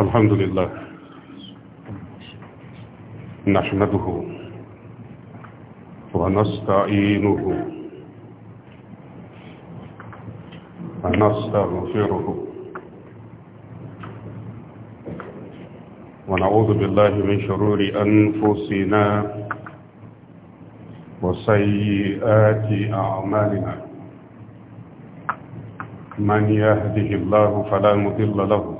الحمد لله نحمده ونستعينه ونستغفره ونعوذ بالله من شرور أنفسنا وسيئات أعمالنا من يهده الله فلا مضل له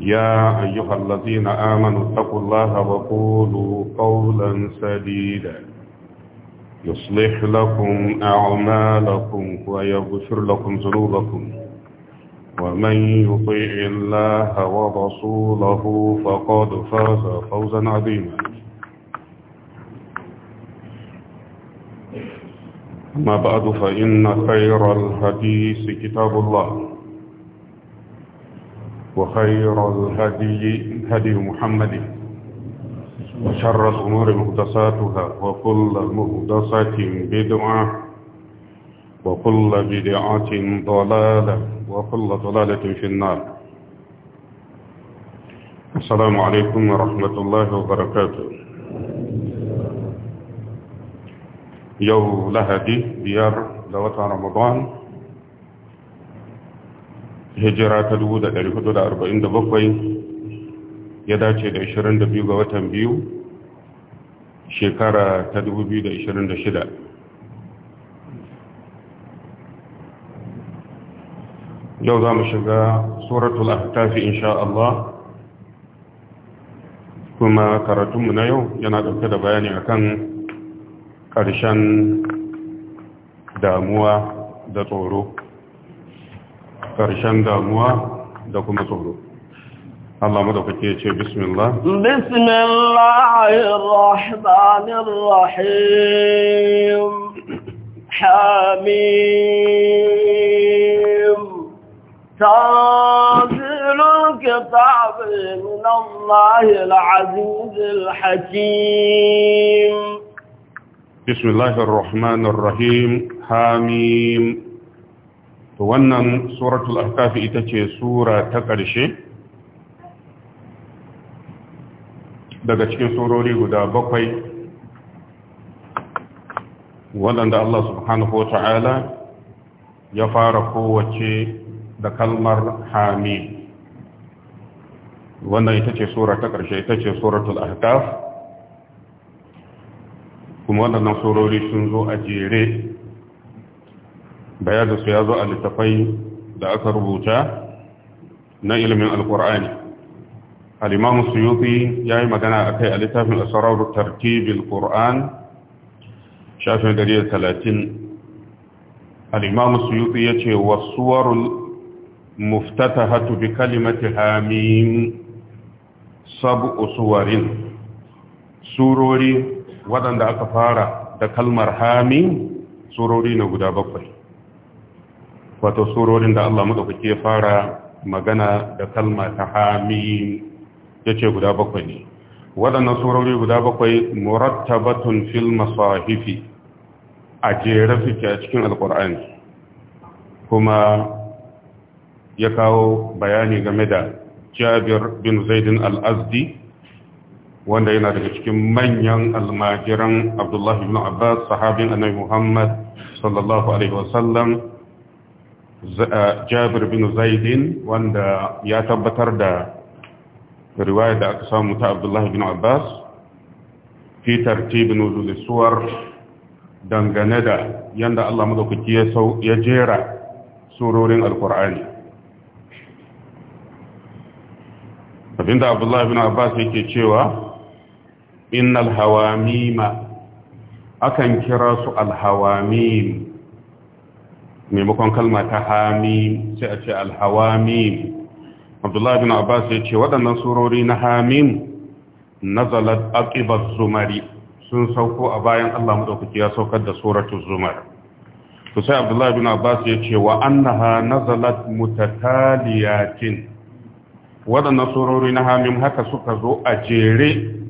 يا أيها الذين آمنوا اتقوا الله وقولوا قولا سديدا يصلح لكم أعمالكم ويغفر لكم ذنوبكم ومن يطيع الله ورسوله فقد فاز فوزا عظيما أما بعد فإن خير الحديث كتاب الله وخير الهدي هدي محمد وشر الأمور مهدساتها وكل مهدسة بدعة وكل بدعة ضلالة وكل ضلالة في النار السلام عليكم ورحمة الله وبركاته يوم لهدي ديار لوطن رمضان hijira ta 1447 ya dace da 22 ga watan biyu shekara ta 2026 yau za mu shiga suratul ahtafi insha Allah kuma karatunmu na yau yana ɗauke da bayani akan ƙarshen damuwa da tsoro ƙarshen damuwa da kuma tsoro Allah madaukake ya ce bismillah bismillahirrahmanirrahim hamim تنزيل الكتاب من الله العزيز الحكيم بسم الله الرحمن الرحيم حميم to wannan suratul ahkafi ita ce sura ta ƙarshe daga cikin surori guda bakwai waɗanda Allah subhanahu wa ta'ala ya fara kowace da kalmar hami. wannan ita ce sura ta ƙarshe ita ce suratul ahkaf kuma waɗannan surori sun zo a jere su ya zo a littafai da aka rubuta na ilimin alkur'ani al'imamu suyuti ya yi magana a kai a littafin asarar tartibin ƙur'an shafin talatin. al'imamu suyuti ya ce wasuwarul muftata hatu bi kalimati hamim sabu suwarin surori waɗanda aka fara da kalmar hamim surori na guda bakwai wato surorin da Allah madaukaki ya fara magana da kalma ta hamim ce guda bakwai ne waɗannan surori guda bakwai murattabatun fil masahifi a jere suke a cikin alkur'ani kuma ya kawo bayani game da jabir bin zaidin al'azdi wanda yana daga cikin manyan almajiran abdullahi bin abbas sahabin annabi muhammad sallallahu alaihi wasallam Uh, jabir bin zaidin wanda ya tabbatar da riwaya da aka samu ta abdullahi bin abbas fi tartibin nuzulis dangane da yadda Allah madaukaki ya sau ya jera surorin alkur'ani abinda abdullahi bin abbas yake cewa innal hawamima akan kira su alhawamim maimakon kalma ta hamim sai a ce alhawamim abdullahi bin abbas ya ce waɗannan surori na hamim nazalat aqibat zumari sun sauko a bayan Allah madaukaki ya saukar da suratun zumar to sai abdullahi bin abbas ya ce wa annaha nazalat mutataliyacin waɗannan surori na hamim haka suka zo a jere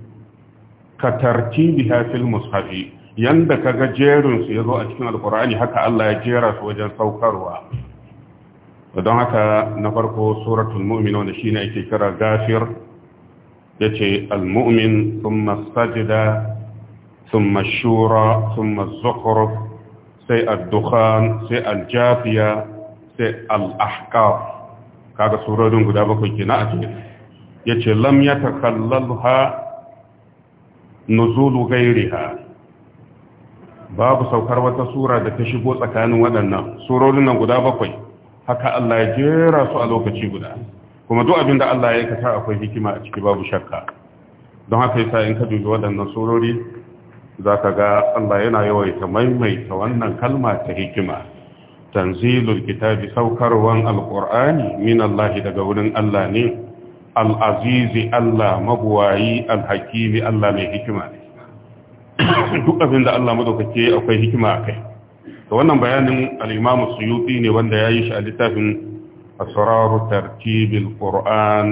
ka tartibiha fil mushafi yanda kaga jerinsu ya zo a cikin alkur'ani haka Allah ya jera su wajen saukarwa don haka na farko suratul mu'min wanda shine ake kira gafir yace almu'min thumma sajda thumma shura thumma zukhruf sai ad-dukhan sai al-jafiya sai al-ahqaf kaga surorin guda bakwai kenan a cikin yace lam yatakallalha nuzulu ghayriha babu saukar wata sura da ta shigo tsakanin waɗannan surorin nan guda bakwai haka Allah ya jera su a lokaci guda kuma duk abin da Allah ya aikata akwai hikima a ciki babu shakka don haka yasa in ka dubi waɗannan surori za ka ga Allah yana yawaita maimaita wannan kalma ta hikima tanzilul kitabi saukarwan alqur'ani min Allah daga wurin Allah ne al-azizi Allah Maguwayi, al-hakimi Allah mai hikima ne duk abin da Allah madaukake akwai hikima a kai to wannan bayanin al-Imam Suyuti ne wanda yayi shi a littafin Asrar Tartib al-Qur'an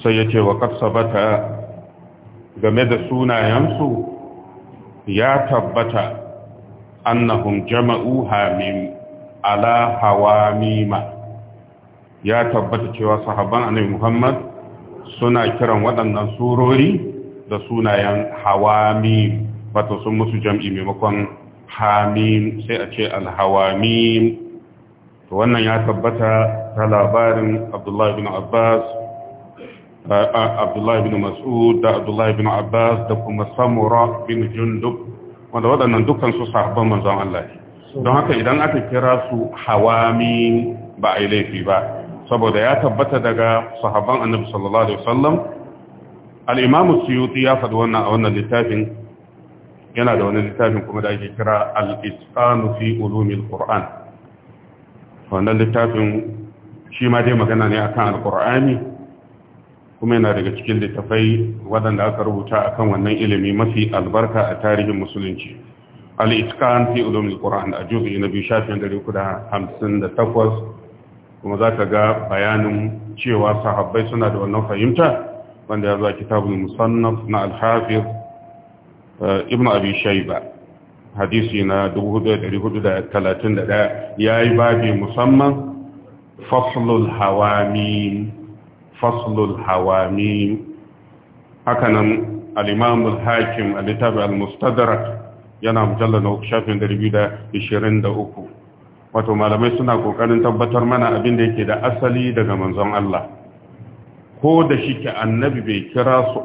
sai yace wa qad sabata game da sunayensu ya tabbata annahum jama'u hamim ala hawamima ya tabbata cewa sahabban annabi Muhammad suna kiran waɗannan surori da sunayen hawami wato sun musu jam'i maimakon hamim sai a ce alhawami to wannan ya tabbata ta labarin abdullahi bin abbas abdullahi bin mas'ud da abdullahi bin abbas da kuma samura bin jundub wanda waɗannan dukkan su sahabban manzon Allah don haka idan aka kira su Hawami ba a yi laifi ba saboda ya tabbata daga sahabban annabi sallallahu alaihi wasallam al'imamu suyuti ya faɗi wannan a wannan littafin yana da wani littafin kuma da ake kira al'isfanu fi ulumin ƙur'an wannan littafin shi ma dai magana ne akan al'ur'ani kuma yana daga cikin littafai waɗanda aka rubuta akan wannan ilimi mafi albarka a tarihin musulunci al'iskan fi ulumin ƙur'an a juzi na biyu shafin da hamsin takwas? kuma za ka ga bayanin cewa sahabbai suna da wannan fahimta wanda ya zuwa kitabun kitabul musannaf na al eh, ibn abi shayba hadisi na 4431 yi babi musamman faslul hawami faslul hawami hakanan al-imam al-hakim al-tabi al-mustadrak yana mujallal na shafin 223 wato malamai suna kokarin tabbatar mana abin da yake da asali daga manzon Allah ko da shi ke annabi bai kira su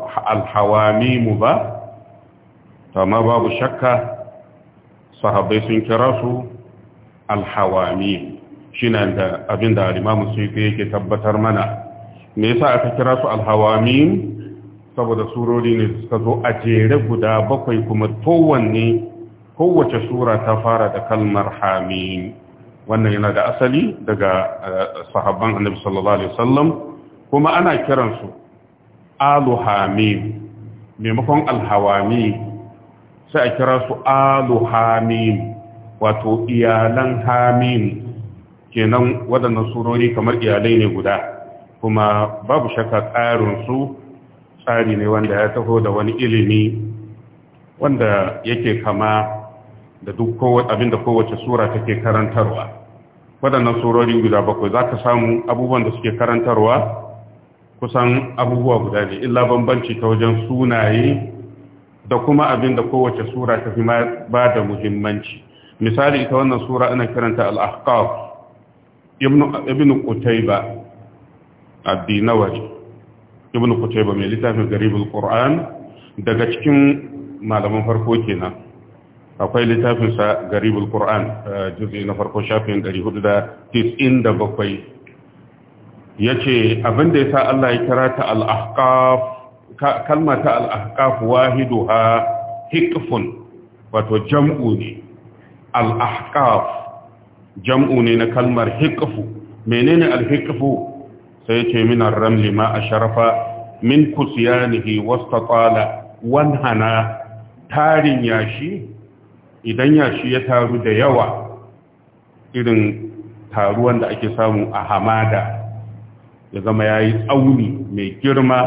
mu ba amma babu shakka sahabbai sun kira su alhawami. shi na da abin da alimamu sai yake tabbatar mana me yasa aka kira su alhawami saboda surori ne suka zo a jere guda bakwai kuma kowanne kowace sura ta fara da kalmar hamim wannan yana da asali daga eh, sahabban annabi sallallahu alaihi wasallam kuma ana kiransu aluhamim maimakon alhawami sai a kira su aluhamim wato iyalan Hamin, kenan waɗannan surori kamar iyalai ne guda kuma babu shakka tsarinsu tsari ne wanda ya taho da wani ilimi wanda yake kama da duk abinda kowace sura take karantarwa waɗannan surori guda bakwai za ka samu abubuwan da suke karantarwa kusan abubuwa guda ne illa bambanci ta wajen sunaye da kuma abin da kowace sura ta fi ba da muhimmanci misali ita wannan sura ana kiranta al-ahqaf ibn kutaiba ad ibn mai littafin garibul qur'an daga cikin malaman farko kenan akwai littafinsa garibul qur'an eh, juz'i na farko shafin 497 yace abin da yasa Allah ya kira ta al-ahqaf kalma ta al-ahqaf wahiduha hiqfun wato jam'u ne al jam'u ne na kalmar hikfu menene al-hiqfu sai ce min ar-ramli ma asharafa min kusyanihi wastatala wanhana tarin yashi idan yashi ya taru da yawa irin taruwan da ake samu a hamada ya zama ya yi tsauni mai girma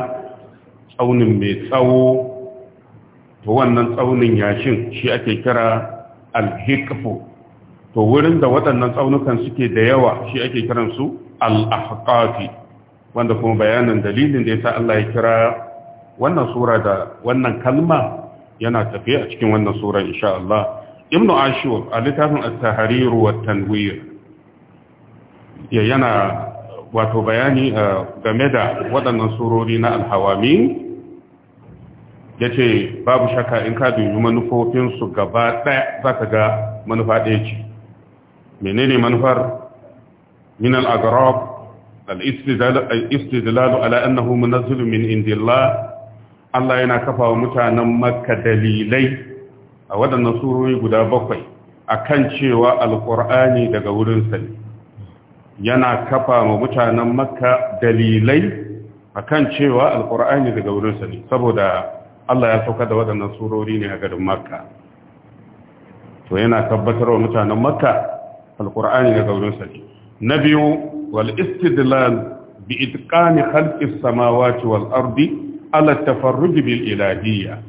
tsaunin mai tsawo to wannan tsaunin yashin shi ake kira alhikafu to wurin da waɗannan tsaunukan suke da yawa shi ake kiransu al'afakafi wanda kuma bayanin dalilin da ya sa Allah ya kira wannan sura da wannan kalma yana tafi a cikin wannan sura insha Allah ibn ashur a littafin at-tahrir wa tanwir ya yana wato bayani eh, game da waɗannan surori na alhawami ya ce babu shaka in ka dubi manufofinsu gaba ɗaya za ka ga manufa ɗaya ce menene manufar min al'agarab al'istidlalu ala annahu min Allah yana kafa wa mutanen makka dalilai a waɗannan surori guda bakwai akan cewa alƙur'ani daga wurin sani yana kafa ma mutanen makka dalilai akan cewa Alƙur'ani daga wurinsa ne saboda Allah ya sauka da waɗannan surori ne a garin makka to yana tabbatar wa mutanen makka Alƙur'ani daga wurinsa ne na biyu wal istidlal bi itqani khalqis samawati wal ardi ala tafarruj bil ilahiyya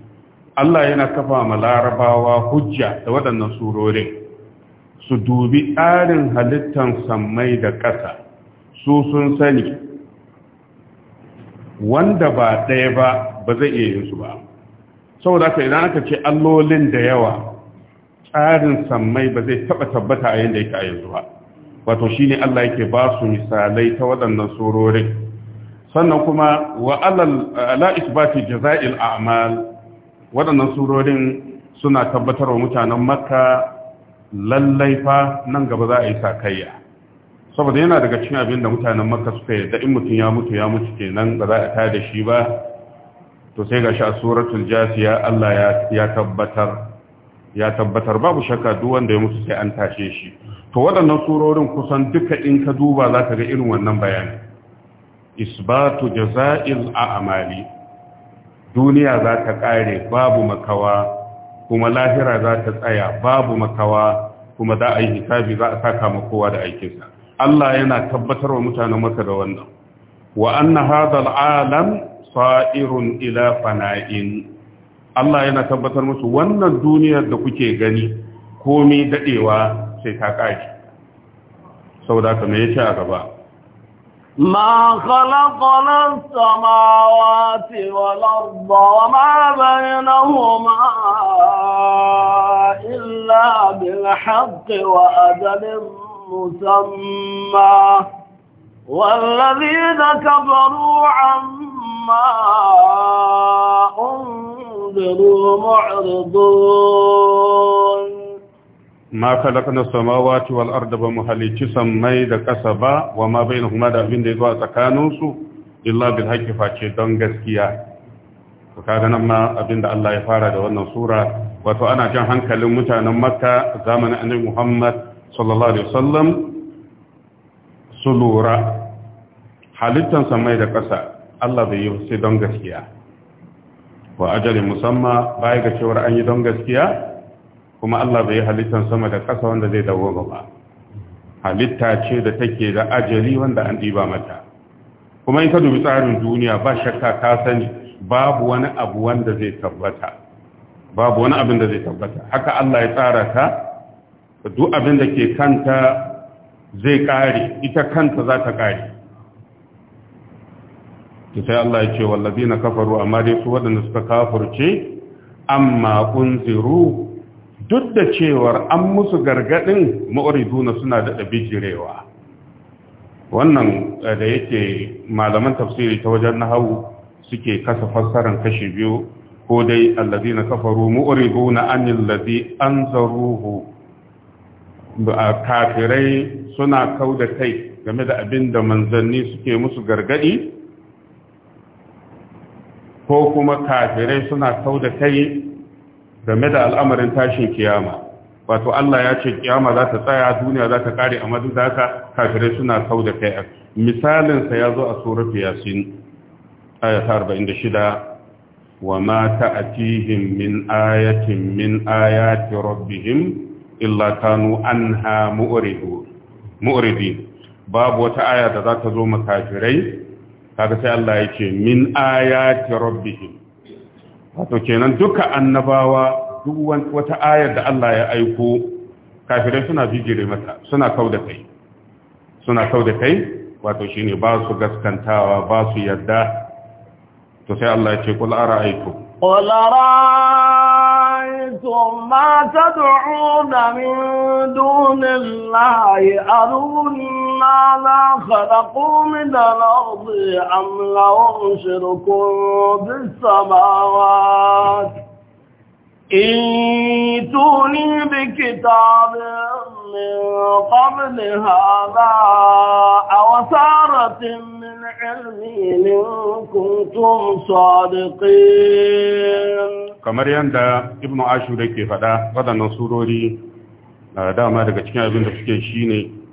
Allah yana kafa ma larabawa hujja da waɗannan surorin su dubi tsarin halittar sammai da ƙasa su sun sani wanda ba ɗaya ba ba zai iya yin su ba saboda ka idan aka ce allolin da yawa tsarin sammai ba zai taɓa tabbata a yadda yake a yanzu ba wato shi ne Allah yake ba su misalai ta waɗannan sororin sannan kuma wa ala isbati jaza'il a'mal waɗannan surorin suna tabbatar wa mutanen makka lallai fa nan gaba za a yi sakayya saboda yana daga cikin abin da mutanen maka suka yadda in mutum ya mutu ya mutu kenan ba za a tada shi ba to sai gashi a suratul jasiya Allah ya tabbatar ya tabbatar babu shakka duk wanda ya mutu sai an tashe shi to waɗannan surorin kusan duka in ka duba za ka ga irin wannan bayani isbatu jaza'il a'mali duniya za ta kare babu makawa kuma lahira za ta tsaya babu makawa kuma za a yi hisabi za a saka ma kowa da aikinsa Allah yana tabbatar wa mutanen maka da wannan wa anna hadha al'alam sa'irun ila fana'in Allah yana tabbatar musu wannan duniyar da kuke gani komai dadewa sai ta kaji saboda kamar yace a gaba ما خلقنا السماوات والأرض وما بينهما إلا بالحق وأجل مسمى والذين كفروا عما أنذروا معرضون ma khalaqna samawati wal arda ba mu halicci sammai da ƙasa ba wa ma huma da abin da ya zo a tsakaninsu illa bil haqqi face don gaskiya to kaga nan ma abin da Allah ya fara da wannan sura wato ana jan hankalin mutanen Makka zamanin Annabi Muhammad sallallahu alaihi wasallam su lura halittan samai da ƙasa Allah bai yi sai don gaskiya wa ajali musamma baya ga cewar an yi don gaskiya kuma Allah bai halittar sama da ƙasa wanda zai dawo ba halitta ce da take da ajali wanda an diba mata kuma in ka dubi tsarin duniya ba shakka ka sani babu wani abu wanda zai tabbata babu wani abin da zai tabbata haka Allah ya tsara ta duk abin da ke kanta zai kare ita kanta za ta kare to sai Allah ya ce na kafaru amma dai su waɗanda suka kafurce amma kunziru duk da cewar an musu gargadin ma'uriduna suna da bijirewa wannan eh, da yake malaman tafsiri ta wajen na hau suke kasa fassarar kashi biyu ko dai na kafaru mu'riduna an ladhi anzaruhu kafirai suna kauda kai game da abin da manzanni suke musu gargadi ko kuma kafirai suna kauda kai game da al'amarin tashin kiyama wato Allah ya ce kiyama za ta tsaya duniya za ta kare a maduda haka kafirai suna sau da kai misalin sa zo a suratu yasin aya 46 wa ma min ayatin min ayati rabbihim illa kanu anha mu'ridin babu wata aya da za ta zo makafirai kaga sai Allah ya ce min ayati rabbihim wato kenan duka annabawa duk wata ayar da Allah ya aiko kafirai suna bijire mata suna kauda kai suna kauda kai wato shine ba su gaskantawa ba su yarda to sai Allah ya ce kul aiko. qul ara'aytum ma tad'una min dunillahi aruni أنا لا خلقوا من الأرض أم لهم شرك بالسماوات إيتوني بكتاب من قبل هذا أوسارة من علمي إن كنتم صادقين kamar yadda ibnu ashur yake faɗa waɗannan surori dama daga cikin abin da suke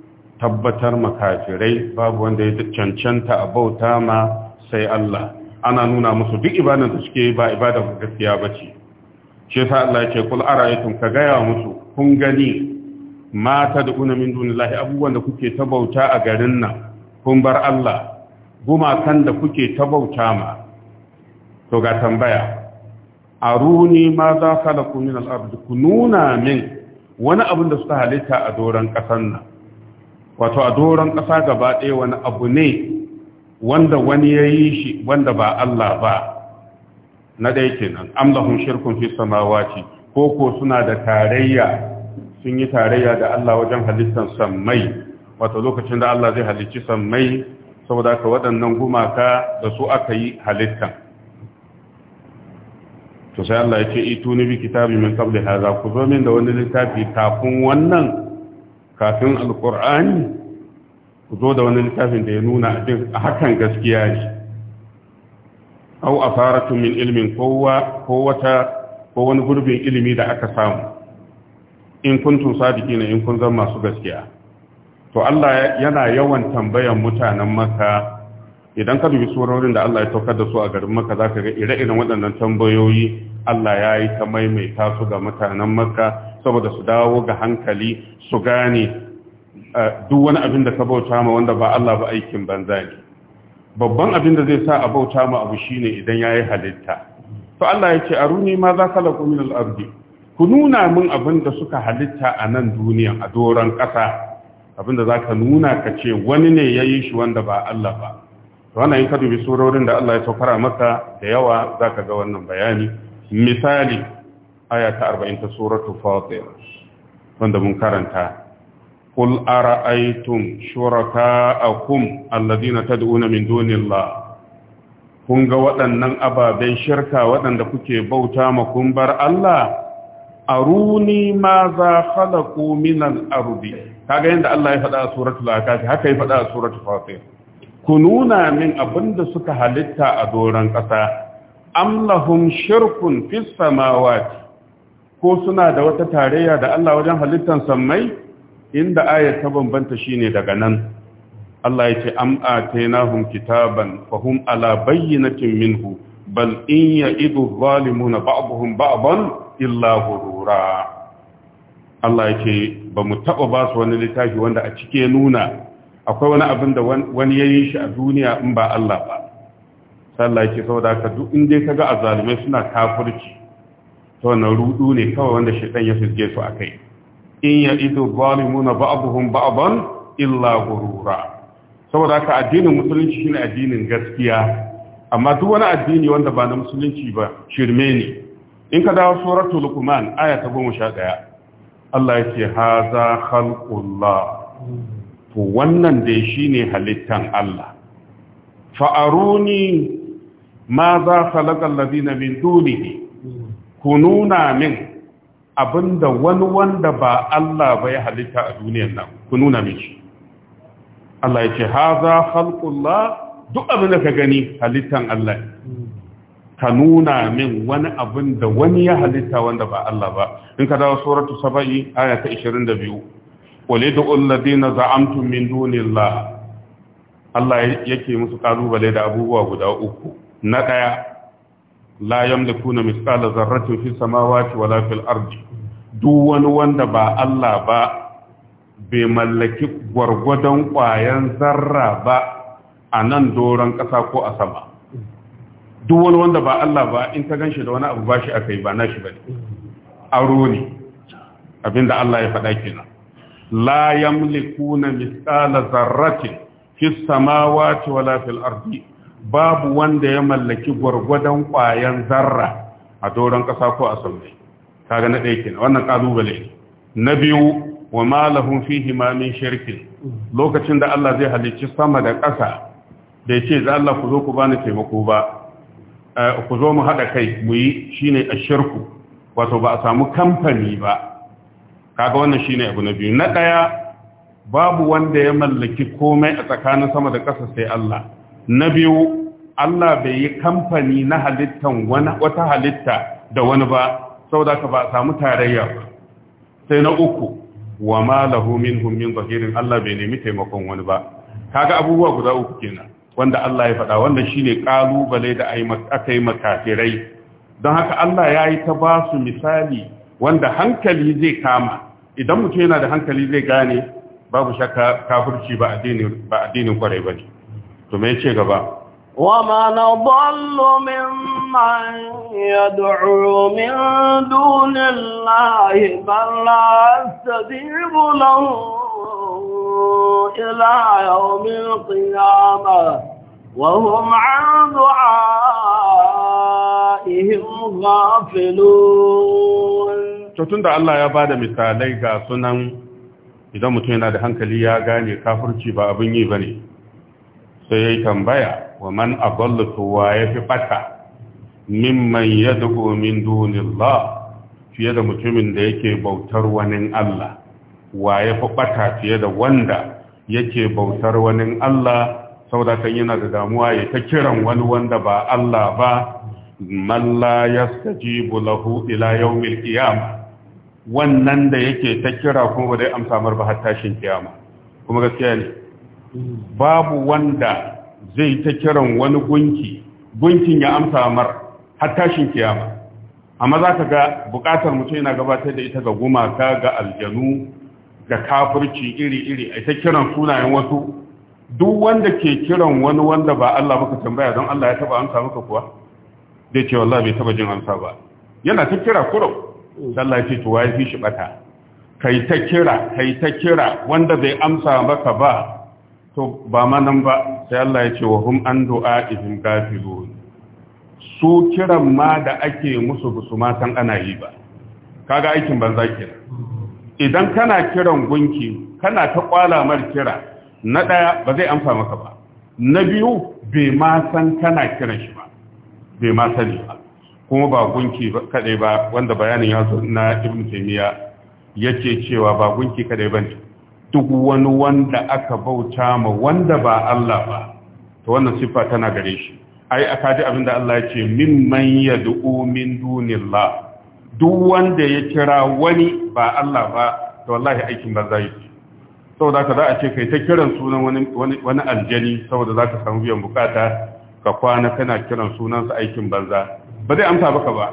tabbatar makafirai babu wanda ya cancanta a bauta ma sai Allah ana nuna musu duk ibadan da suke ba ibadar gaskiya bace shi yasa Allah ce kul ara'aytum ka gaya musu kun gani mata da una min dunillahi abubuwan da kuke ta a garin nan kun bar Allah gumakan da kuke ta bauta ma to ga tambaya aruni ma za khalaqu min al nuna min wani abin da suka halitta a doron kasan nan wato a doron ƙasa gaba ɗaya wani abu ne wanda wani ya yi shi wanda ba Allah ba na ɗaya kenan amlahun shirkun fi samawaci ko ko suna da tarayya sun yi tarayya da Allah wajen halittar sammai wato lokacin da Allah zai halicci sammai saboda ka waɗannan gumaka da su aka yi halittan to sai Allah ya ce itu ni bi kitabi min qabli hadha ku zo min da wani littafi kafin wannan kafin alkur'ani ku zo da wani littafin da ya nuna abin a hakan gaskiya ne au fara min ilmin kowa ko ko wani gurbin ilimi da aka samu in jiki na in kun zama masu gaskiya to Allah yana yawan tambayan mutanen maka idan ka dubi surorin da Allah ya taukar da su a garin maka za ka ga ire-iren waɗannan tambayoyi Allah ya yi ta maimaita su ga mutanen maka saboda su dawo ga hankali su gane duk wani abin da ka bauta ma wanda ba Allah ba aikin banza ne babban abin da zai sa a bauta ma abu shine idan yayi halitta to Allah ya ce aruni ma za khalaqu min al-ardi ku nuna min abin da suka halitta a nan duniya a doron ƙasa abin da zaka nuna ka ce wani ne yayi shi wanda ba Allah ba to wannan in ka dubi surorin da Allah ya saukara maka da yawa zaka ga wannan bayani misali aya ta 40 ta suratul fatir wanda mun karanta qul ara'aytum shuraka'akum alladhina tad'una min dunillah kun ga waɗannan ababen shirka waɗanda kuke bauta ma kun bar Allah aruni ma za khalaqu min al-ardi kaga Allah ya faɗa a suratul akafi haka ya faɗa a suratul fatir ku nuna min abinda suka halitta a doron ƙasa am lahum shirkun fis samawati ko suna da wata tarayya da Allah wajen halittar sammai inda ayat ta bambanta shine daga nan Allah ya ce am atainahum kitaban fahum ala bayyinatin minhu bal in ya'idu zalimuna ba'dhum ba'dan illa ghurura Allah ya ce ba mu taɓa ba su wani littafi wanda a cike nuna akwai wani abin da wani yayi shi a duniya in ba Allah ba Sallaki, yake saboda ka duk in dai kaga azalimai suna kafirci ta wannan rudu ne kawai wanda shaitan ya fizge su a kai in ya idu zalimuna ba'dhum ba'dan illa gurura saboda haka addinin musulunci shine addinin gaskiya amma duk wani addini wanda ba na musulunci ba shirme ne in ka dawo suratul luqman aya ta 11 Allah yake haza khalqullah to wannan dai shine halittan Allah fa'aruni ma za khalaqa alladhina min dunihi ku nuna min abinda wani wanda ba Allah ba ya halitta a duniyar nan ku nuna min shi Allah ya ce haza khalqullah duk abinda ka gani halittan Allah ka nuna min wani abin da wani ya halitta wanda ba Allah ba in ka dawo suratu saba'i aya ta 22 da yad'u alladhina za'amtun min dunillah Allah yake musu ƙalubale da abubuwa guda uku na ɗaya. la yamlikuna mithqala dharratin fis samawati wala fil ardi duk wani wanda ba Allah ba bai mallaki gwargwadon kwayan zarra ba a nan doron ƙasa ko a sama duk wani wanda ba Allah ba in ka ganshi da wani abu ba shi aka yi ba na shi ba ne aro ne abinda Allah ya faɗa kenan la yamlikuna mithqala dharratin fis samawati wala fil ardi babu wanda ya mallaki gwargwadon ƙwayan zarra a doron ƙasa ko a sammai kaga na ɗaya kenan wannan ƙalubale na biyu wa ma lahum fihi ma min shirkin lokacin da Allah zai halicci sama da ƙasa da ce za Allah ku zo ku bani taimako ba eh, ku zo mu haɗa kai mu yi shine ashirku wato ba a samu kamfani ba kaga wannan shine abu na biyu na ɗaya babu wanda ya mallaki komai a tsakanin sama da ƙasa sai Allah na biyu Allah bai yi kamfani na halittan wata halitta da wani ba Sau da ka ba samu tarayya sai na uku wa ma lahu minhum min zahirin Allah bai nemi taimakon wani ba kaga abubuwa guda uku kenan wanda Allah ya faɗa wanda shi shine kalubale da aka yi makafirai don haka Allah ya yi ta ba su misali wanda hankali zai kama idan mutum yana da hankali zai gane babu shakka kafirci ba addinin kwarai ba ne to ce gaba wama na bollo min man ya du'u min dunillahi balla astadibu ila yawmil qiyamah wa hum 'an du'aihim ghafilun to Allah ya ba da misalai ga sunan idan mutum yana da hankali ya gane kafirci ba abin yi bane sai ya yi tambaya wa man adallu wa yafi bata mimman ya min la, fiye da mutumin da yake bautar wani Allah wa ya fi ɓata fiye da wanda yake bautar wani Allah da kan yana da damuwa ya ta kiran wani wanda ba Allah ba man la saji bulahu ila mil kiyama wannan da yake ta kira kuma ba dai amsa mar ba har tashin kiyama kuma gaskiya ne babu wanda zai ta kiran wani gunki gunkin ya amsa mar har tashin kiyama amma za ka ga bukatar mutum yana gabatar da ita ga gumaka ga aljanu ga kafirci iri-iri a ta kiran sunayen wasu duk wanda ke kiran wani wanda ba Allah muka tambaya don Allah ya taba amsa muka kuwa zai ce wallah bai taba jin amsa ba yana ta kira kuro Allah ya ce to wai fi shi bata kai ta kira kai ta kira wanda bai amsa maka ba to ba ma nan ba sai Allah ya ce wa hum an du'a'ihim kafirun su kiran ma da ake musu busu ma san ana yi ba kaga aikin banza kenan idan kana kiran gunki kana ta kwala mar kira na daya ba zai amsa maka ba na biyu bai ma san kana kiran shi ba bai ma sani ba kuma ba gunki kadai ba wanda bayanin ya zo na ibn taymiya yake cewa ba gunki kadai bane duk wani wanda aka bauta ma wanda ba Allah ba to wannan siffa tana gare shi ai aka ji abinda Allah ya ce man yad'u min dunillah duk wanda ya kira wani ba Allah ba to wallahi aikin ba zai yi saboda ka za a ce kai ta kiran sunan wani wani aljani saboda zaka samu biyan bukata ka kwana kana kiran sunan sunansa aikin banza ba zai amsa baka ba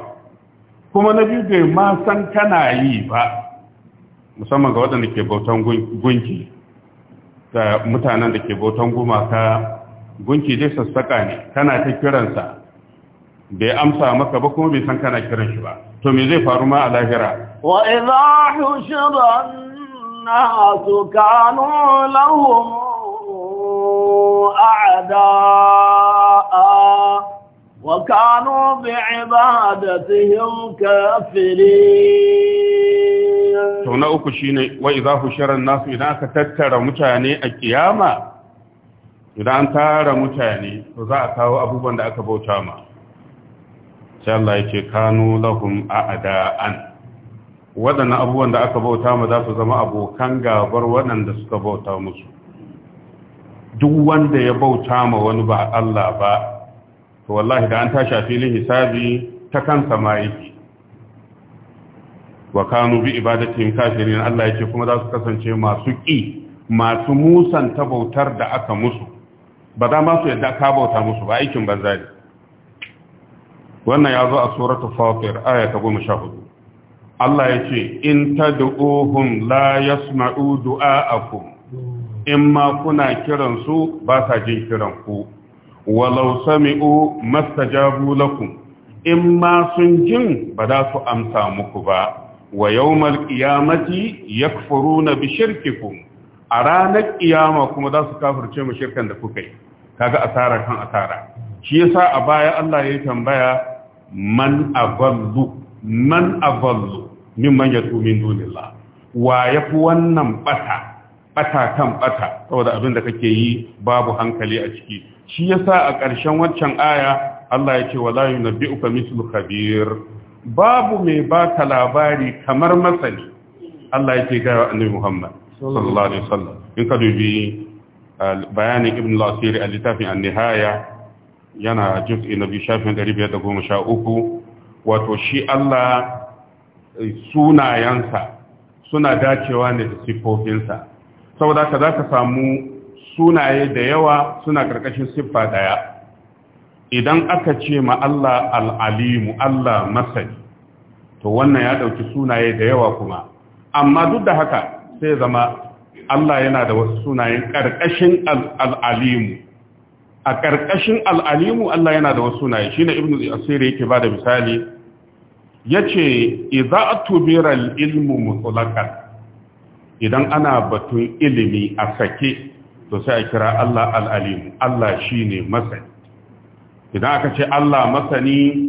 kuma na biyu bai ma san kana yi ba musamman ga waɗanda ke bautan gunki da mutanen da ke bautan gumaka gunki dai sassaƙa ne kana ta kiransa bai amsa maka ba kuma bai san kana kiran shi ba to me zai faru ma a lahira wa idha hushira an kanu lahum wa kanu kafirin to na uku shine wa idza hushara nasu idan aka tattara mutane a kiyama idan an tara mutane to za a kawo abubuwan da aka bauta ma sai Allah yake kanu lahum a'da'an waɗannan abubuwan da aka bauta ma za su zama abokan gabar waɗanda suka bauta musu duk wanda ya bauta ma wani ba Allah ba to wallahi da an tashi a filin hisabi ta kansa ma yake wa kanu bi ibadatihim kafirin Allah yake kuma za su kasance masu ƙi masu musan bautar da aka musu ba za ma su yadda ka bauta musu ba aikin banza ne wannan ya zo a suratul fatir aya ta goma Allah ya ce in tad'uhum la yasma'u du'a'akum in ma kuna kiransu ba sa jin kiran ku walau sami'u mastajabu lakum in ma sun jin ba za su amsa muku ba wa yawmal qiyamati yakfuruna bi shirkikum a ranar kiyama kuma za su kafirce mu shirkan da kuka yi kaga asara kan asara shi yasa a baya Allah ya tambaya man aballu man min man yatu min dunillah wa yafi wannan bata bata kan bata saboda abin da kake yi babu hankali a ciki shi yasa a ƙarshen waccan aya Allah ya ce wala yunabbi'uka mislu khabir babu mai ta labari kamar matsali? Allah ya yake ga annabi Muhammad sallallahu alaihi wasallam in ka dubi bayanin ibn al-asiri a littafin an-nihaya yana juz'i na biyu shafin 513 wato shi Allah eh, sunayensa suna dacewa ne da siffofinsa saboda ka zaka samu sunaye da yawa suna karkashin siffa daya idan aka ce ma Allah al'alimu Allah masani to wannan ya ɗauki sunaye da yawa kuma amma duk da haka sai zama Allah yana da wasu sunayen ƙarƙashin al'alimu a ƙarƙashin al'alimu Allah yana da wasu sunaye shi ne ibn asiri yake ba da misali ya ce iza a tubirar ilmu mutsulakar idan ana batun ilimi a sake to sai a kira Allah al'alimu Allah shi ne masani idan aka ce Allah masani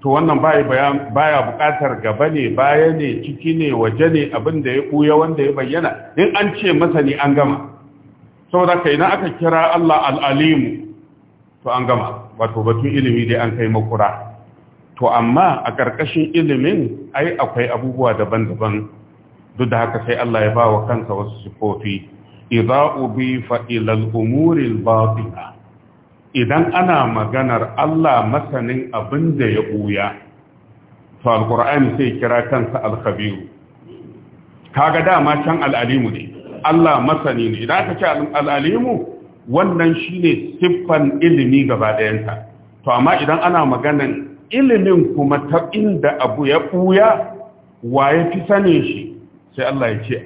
to wannan baya buƙatar gaba ne baya ne ciki ne waje ne abin da ya buya wanda ya bayyana in an ce masani an gama saboda kai idan aka kira Allah al'alimu to an gama wato batun ilimi dai an kai makura to amma a ƙarƙashin ilimin ai akwai abubuwa daban-daban duk da haka sai Allah ya ba wa kansa wasu sifofi idza ubi fa ila al-umuri al batinah idan ana maganar Allah masanin abin da ya buya, to alƙur'ani sai kira kansa alkhabiru kaga dama can al'alimu ne Allah masani ne idan aka ce al'alimu wannan shine siffan ilimi gaba ɗayanta to amma idan ana maganan ilimin kuma ta inda abu ya ɓuya wa ya fi sane shi sai Allah ya ce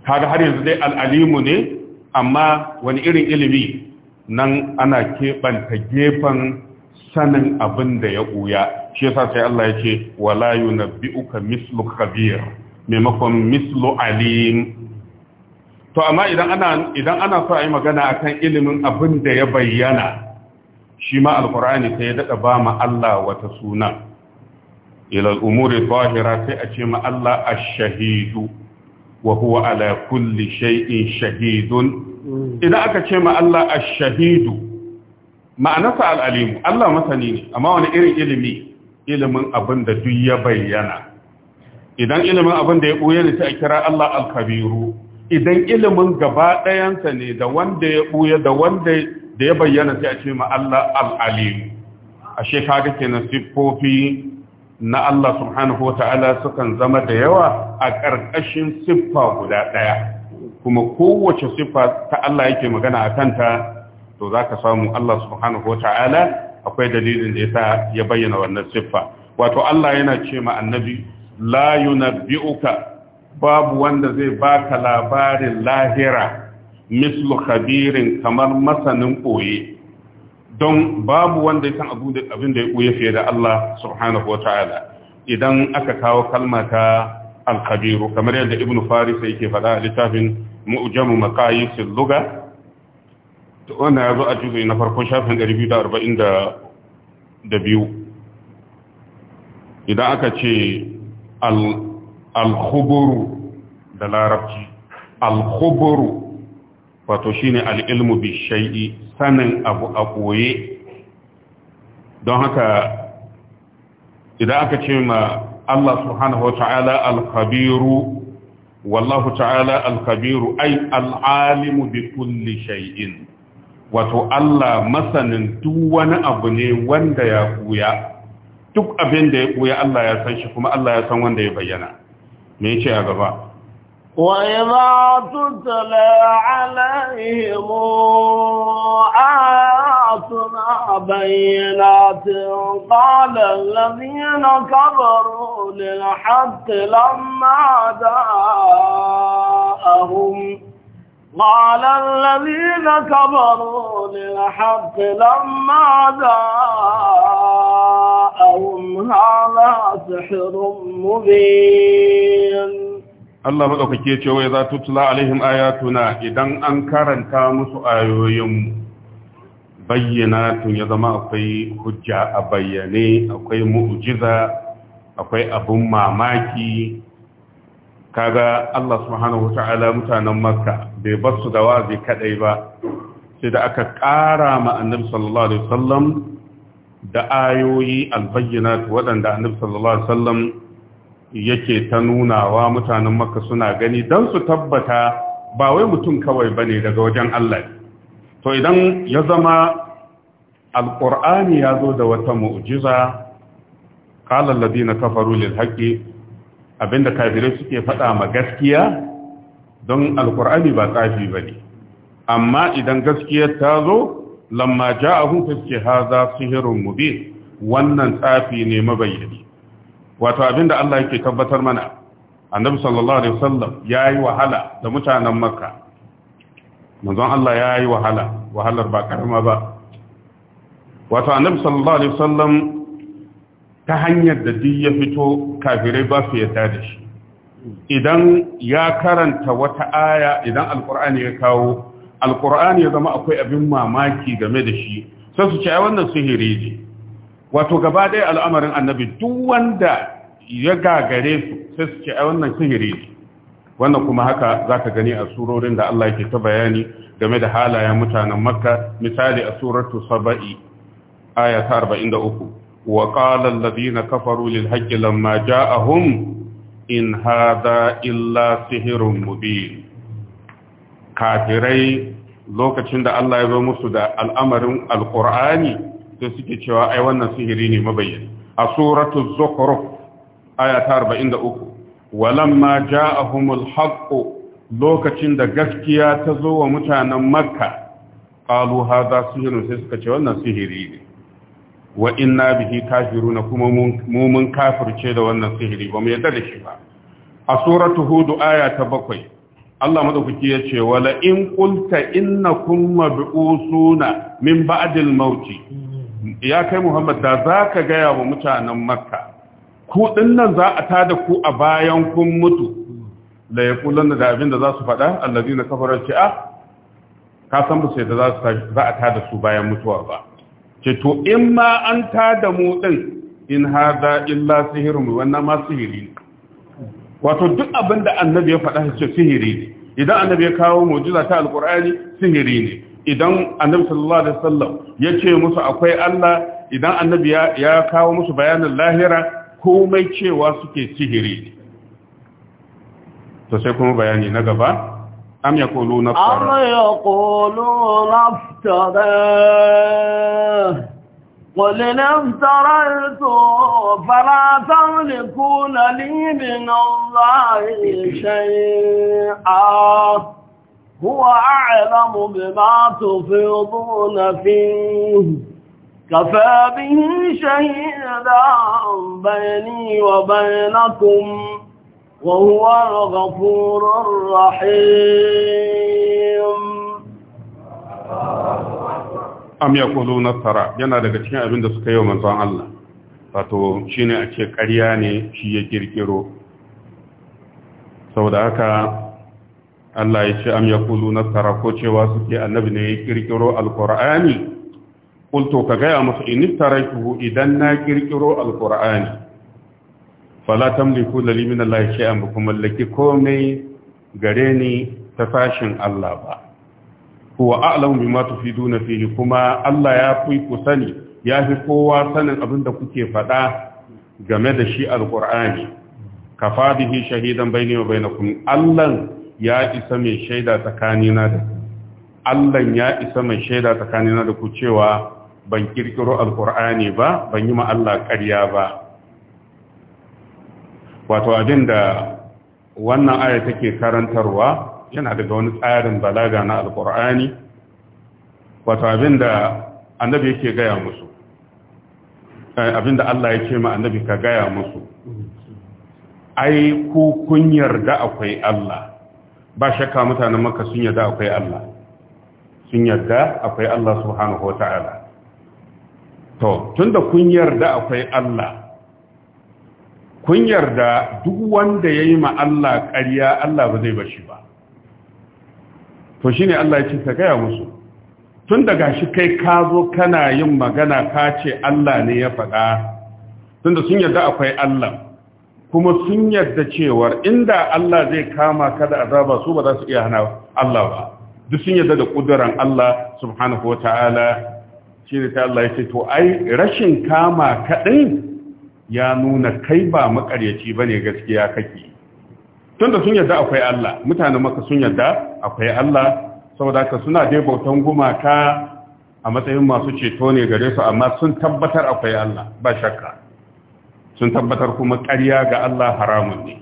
Ka kaga har yanzu dai al'alimu ne amma wani irin ilimi nan ana keɓanta gefen sanin abin da ya ɓuya shi yasa sai Allah ya ce na biuka mislu Kabir, maimakon mislu alim to amma idan ana so a yi magana akan ilimin abin da ya bayyana shi ma alqur'ani sai ya daɗa ba ma Allah wata suna ilal umuri zahira sai a ce ma Allah ashahidu shahidu wa huwa ala kulli shay'in shahidun idan aka ce ma Allah ash-shahidu ma'anarsa al alim Allah masani ne amma wani irin ilimi ilimin abin da duk ya bayyana idan ilimin abin da ya ɓoye ne sai kira Allah al-kabiru idan ilimin gaba ɗayansa ne da wanda ya ɓoye da wanda da ya bayyana sai a ce ma Allah al-alimu ashe kaga kenan siffofi na Allah subhanahu wa ta'ala sukan zama da yawa a ƙarƙashin siffa guda ɗaya kuma kowace siffa ta Allah yake magana a kanta to za ka samu Allah subhanahu wa ta'ala akwai dalilin da ya sa ya bayyana wannan siffa wato Allah yana ce ma annabi la yunabbi'uka babu wanda zai baka labarin lahira mislu khabirin kamar masanin ɓoye. don babu wanda ya san abin da ya koye fiye da Allah subhanahu ta'ala. idan aka kawo kalma ta alkhabiru kamar yadda ibn faris yake faɗa a littafin mu'jamu maqayisil lugha to wannan yazo a juzu na farko shafin da da biyu. idan aka ce al-khuburu da larabci al-khuburu wato shine al-ilmu bi shay'i sanin abu a koye don haka idan aka ce ma Allah subhanahu wa ta'ala al-khabiru wallahu ta'ala al-kabiru ay al-alimu bi kulli wato Allah masanin duk wani abu ne wanda ya buya duk abin da ya buya Allah ya san shi kuma Allah ya san wanda ya bayyana me yace a gaba وإذا تتلى عليهم آياتنا بينات قال الذين كفروا للحق لما جاءهم قال الذين كبروا للحق لما جاءهم هذا سحر مبين Allah madaukake ce wai za tutla alaihim ayatuna idan an karanta musu ayoyin tun ya zama akwai hujja a bayyane akwai mu'jiza akwai abun mamaki kaga Allah subhanahu wata'ala mutanen makka bai basu da wazi kadai ba sai da aka ƙara ma annabi sallallahu alaihi wasallam da ayoyi albayyinat waɗanda annabi sallallahu alaihi wasallam yake ta nunawa mutanen maka suna gani don su tabbata ba wai mutum kawai ba ne daga wajen Allah to idan ya zama alƙur'ani ya zo da wata mu'jiza ƙalar na kafaru lil haƙi abinda kafirai suke faɗa ma gaskiya don alƙur'ani ba tsafi ba ne amma idan gaskiyar ta zo lamma ja'ahum fa haza mu mubi wannan tsafi ne mabayyani wato abinda Allah yake tabbatar mana annabi sallallahu alaihi wasallam yayi wahala da mutanen makka manzon Allah yayi wahala wahalar ba karama ba wato annabi sallallahu alaihi wasallam ta hanyar da duk ya fito kafirai ba su yarda da shi idan ya karanta wata aya idan alqur'ani ya kawo alqur'ani ya zama akwai abin mamaki game da shi sai su ce ai wannan sihiri ne wato gaba ɗaya al'amarin annabi duk wanda ya gagare su sai su ce a wannan sihiri ne wannan kuma haka za ka gani a surorin da Allah ke ta bayani game da halayen mutanen makka misali a suratu saba'i aya ta 43 wa qala alladhina kafaru lil haqqi lamma ja'ahum in hada illa sihrun mubin kafirai lokacin da Allah ya zo musu da al'amarin alƙur'ani sai suke cewa ai wannan sihiri ne mabayyana a suratul zukhruf aya ta 43 walamma ja'ahumul haqq lokacin da gaskiya ta zo wa mutanen makka qalu hadha sihrun sai suka ce wannan sihiri ne wa inna bihi kafiruna kuma mu mun kafirce da wannan sihiri ba mu yarda da shi ba a suratu hud aya ta 7 Allah madaukaki ya ce wala in qulta innakum mab'usuna min ba'dil mauti ya kai muhammad da za ka gaya wa mutanen makka ku nan za a tada ku a bayan kun mutu da ya kulan da abin da za su faɗa allazi na kafarar ce a ah, ka san ba sai da za a tada su bayan mutuwa ba ce to in ma an tada mu ɗin, in hada illa mu, wannan ma sihiri wato duk abin da annabi ya faɗa ce sihiri ne idan annabi ya kawo mu'jiza ta alqur'ani sihiri ne idan annabi sallallahu alaihi wasallam ya ce musu akwai Allah idan annabi ya kawo musu bayanin lahira komai cewa suke sihiri to sai kuma bayani na gaba am yaquluna am yaquluna aftara قل إن افتريت فلا تملكون لي من الله شيئا هو أعلم بما تفيضون فيه كفى به شهيدا بيني وبينكم وهو الغفور الرحيم أم يقولون الثراء جنا لك تشيء أبن دسك يوم أنزان الله فاتو شيني أشيك أرياني شيئ كيركيرو سوداكا Allah ya ce am yakulu nasara ko cewa suke annabi ne ya kirkiro alqur'ani qultu ka gaya musu in taraytuhu idan na kirkiro alkur'ani fala tamliku li min Allah shay'an bukum mallaki komai gare ni ta fashin Allah ba huwa a'lamu bima tufiduna fihi kuma Allah ya fi ku sani ya fi kowa sanin abin da kuke faɗa game da shi alkur'ani kafa shahidan bayni wa bainakum Allah ya isa mai shaida tsakanina da ku Allah ya isa mai shaida tsakanina da ku cewa ban kirkiro alkur'ani ba ban yi ma Allah ƙarya ba wato abin da wannan aya take karantarwa yana daga wani tsarin balaga na alkur'ani wato abin da annabi yake gaya musu eh, abin Allah ya ce ma annabi ka gaya musu ai ku kun yarda akwai Allah ba shakka mutanen maka sun yarda akwai Allah sun yarda akwai Allah subhanahu wa ta'ala to tunda kun yarda akwai Allah kun yarda duk wanda yayi ma Allah ƙarya Allah ba zai bashi ba to shine Allah ya ce ka gaya musu tun daga shi kai ka zo kana yin magana ka ce Allah ne ya faɗa tun da sun yarda akwai Allah kuma sun yarda cewar inda Allah zai kama ka da azaba su ba za su iya hana Allah ba duk sun yarda da kuduran Allah subhanahu wa ta'ala shi ne ta Allah ya ce to ai rashin kama kaɗin ya nuna kai ba makaryaci ba ne gaskiya kake tunda sun yarda akwai Allah mutane maka sun yarda akwai Allah saboda ka suna dai bautan gumaka a matsayin masu ceto ne gare su amma sun tabbatar akwai Allah ba shakka sun tabbatar kuma ƙarya ga Allah haramun ne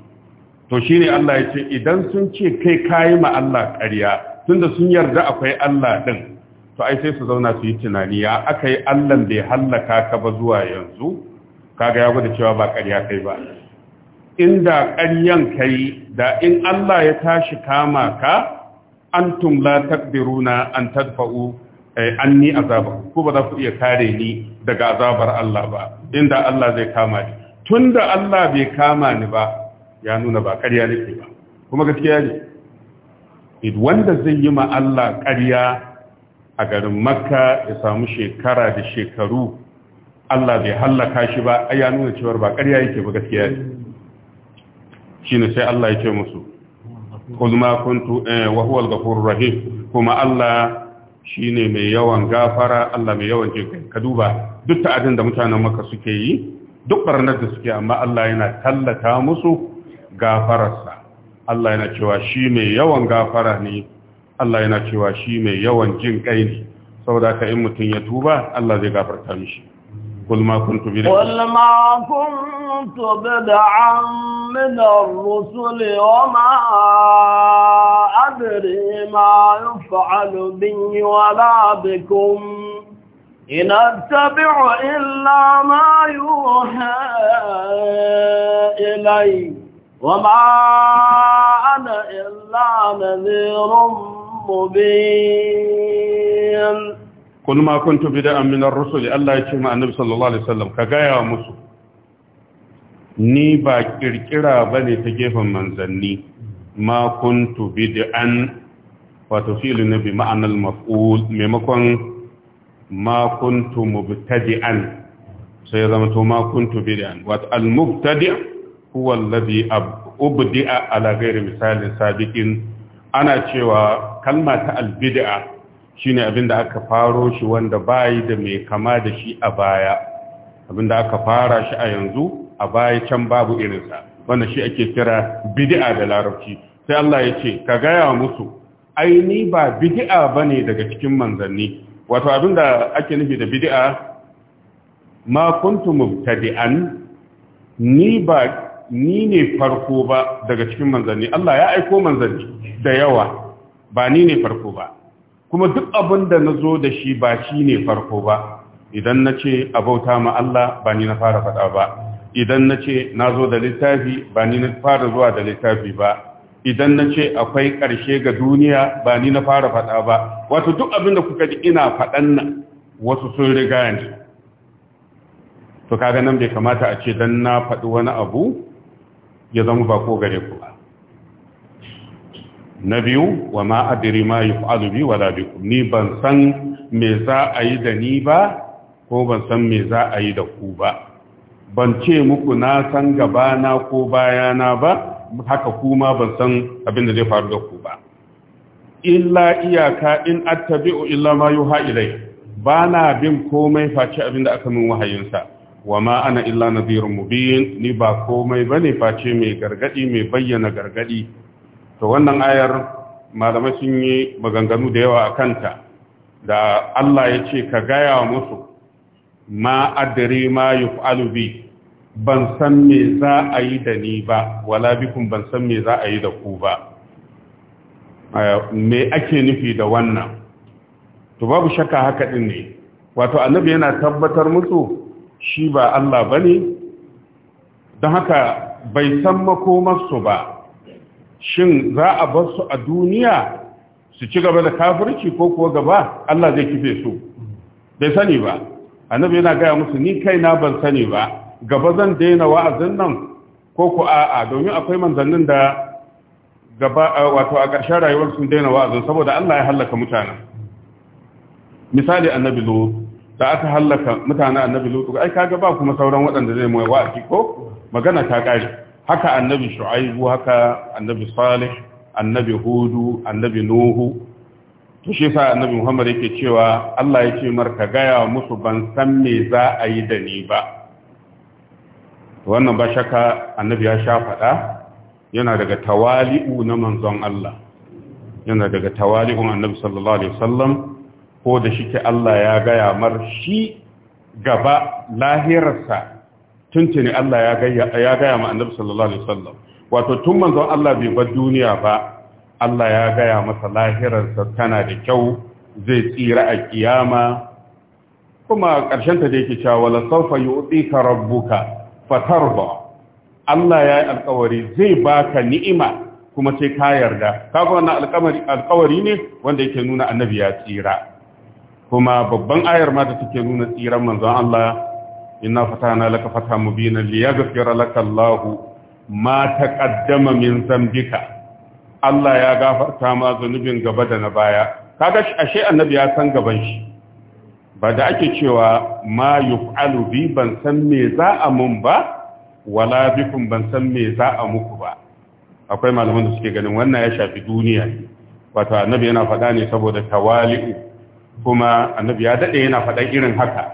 to shi ne Allah ya ce idan sun ce kai kayi ma Allah ƙarya tunda sun yarda akwai Allah ɗin, to ai sai su zauna su yi tunani ya akai Allah ya hallaka ka ba zuwa yanzu kaga ya gwada cewa ba ƙarya kai ba inda ƙaryan kai da in Allah ya tashi kama ka an la takbiruna, an tadfa'u eh, ni azaba ko ba za ku iya kare ni daga azabar Allah ba inda Allah zai kama ni Tun da Allah bai kama ni ba ya nuna ba ƙarya nake ba kuma gaskiya ne wanda zai yi ma Allah ƙarya a garin Makka ya samu shekara da shekaru Allah bai hallaka shi ba ai ya nuna cewa ba ƙarya yake ba gaskiya ne shine sai Allah ya ce musu qul ma kuntu eh, wa huwa al-ghafurur rahim kuma Allah shine mai yawan gafara Allah mai yawan jinkai ka duba duk ta'adin da mutanen Makka suke yi duk barnar da suke amma Allah yana tallata musu gafararsa Allah yana cewa shi mai yawan gafara ne Allah yana cewa shi mai yawan jin kai ne saboda ka in mutum ya tuba Allah zai gafarta mishi قل ما كنت بدعا قل ما كنت بدعا من الرسل وما أدري ما يفعل بي ولا بكم إن أتبع إلا ما يوحى إلي وما أنا إلا نذير مبين كل ما كنت بدا من الرسل الله يتشمع النبي صلى الله عليه وسلم كغاية مسو ni ba kirkira ba ne ta gefen manzanni ma kuntu bid'an wato fili na ma'anar maf'ul maimakon ma kuntu mubtadi'an sai zama to ma kuntu bid'an wa al-mubtadi' huwa alladhi ubdi'a ala ghairi misalin sabiqin ana cewa kalma ta al-bid'a shine abinda aka faro shi wanda bai da mai kama da shi a baya abinda aka fara shi a yanzu a baya can babu irinsa wanda shi ake kira bid'a da larabci sai Allah ya ce ka gaya musu ai ni ba bid'a bane daga cikin manzanni wato abin da ake nufi da bid'a ma kuntu mubtadi'an ni ba ni ne farko ba daga cikin manzanni Allah ya aiko manzanni da yawa ba ni ne farko ba kuma duk abinda nazo da shi ba shi ne farko ba idan nace abauta ma Allah ba ni na fara faɗa ba idan nace zo da littafi ba ni na fara zuwa da littafi ba idan na ce akwai ƙarshe ga duniya ba ni na fara faɗa ba wato duk abin da kuka ji ina faɗan nan wasu sun riga ne. to kaga nan bai kamata a ce dan na faɗi wani abu ya zama ba ko gare ku ba na biyu wa ma adiri ma yuf'alu bi wala bi ni ban san me za a yi da ni ba ko ban san me za a yi da ku ba ban ce muku na san gabana ko bayana ba haka kuma ban san abin da zai faru da ku ba illa iyaka in attabi'u illa ma yuha ilai ba na bin komai face abin da aka min wahayinsa wa ma ana illa nadhirun mubin ni ba komai bane face mai gargadi mai bayyana gargadi to wannan ayar malamai sun yi maganganu da yawa a kanta da Allah ya ce ka gaya musu ma adri ma yuf'alu bi ban san me za a yi da ni ba wala bikum ban san me za a yi da ku ba me ake nufi da wannan to babu shakka haka din ne wato annabi yana tabbatar musu shi ba Allah bane don haka bai san makomarsu ba shin za a bar su a duniya su ci gaba da kafirci ko kuwa gaba Allah zai kife su bai sani ba annabi yana gaya musu ni kaina ban sani ba gaba zan daina wa'azin nan ko ku a'a domin akwai manzannin da gaba wato a ƙarshen rayuwar sun daina wa'azin saboda Allah ya halaka mutane misali annabi lo, da aka halaka mutane annabi lut ai kaga ba kuma sauran waɗanda zai mai wa'azi ko magana ta kare haka annabi shu'aibu haka annabi salih annabi hudu annabi nuhu to shi sa annabi muhammad yake cewa Allah ya yake ka gaya musu ban san me za a yi da ni ba wannan ba shaka annabi ya sha faɗa yana daga tawali'u na manzon Allah yana daga tawali'un annabi sallallahu alaihi wasallam ko da shike Allah ya gaya mar shi gaba lahirarsa tuntuni Allah ya gaya ya gaya ma annabi sallallahu alaihi wasallam wato tun manzon Allah bai bar duniya ba Allah ya gaya masa lahirarsa tana da kyau zai tsira a kiyama kuma ƙarshen ta da yake cewa la sawfa yu'tika rabbuka fatarba Allah ya yi alkawari zai baka ni'ima kuma sai ka yarda kaga wannan alkawari ne wanda yake nuna annabi ya tsira kuma babban ayar ma da take nuna tsiran manzon Allah inna fatana laka fatahan mubina yaghfira laka Allah ma taqaddama min zambika Allah ya gafarta ma zunubin gaba da na baya kaga ashe annabi ya san gaban shi ba da ake cewa ma yuf'alu bi ban san me za a mun ba wala bikum ban san me za a muku ba akwai malaman da suke ganin wannan ya shafi duniya wato annabi yana faɗa ne saboda tawali'u kuma annabi ya daɗe yana faɗa irin haka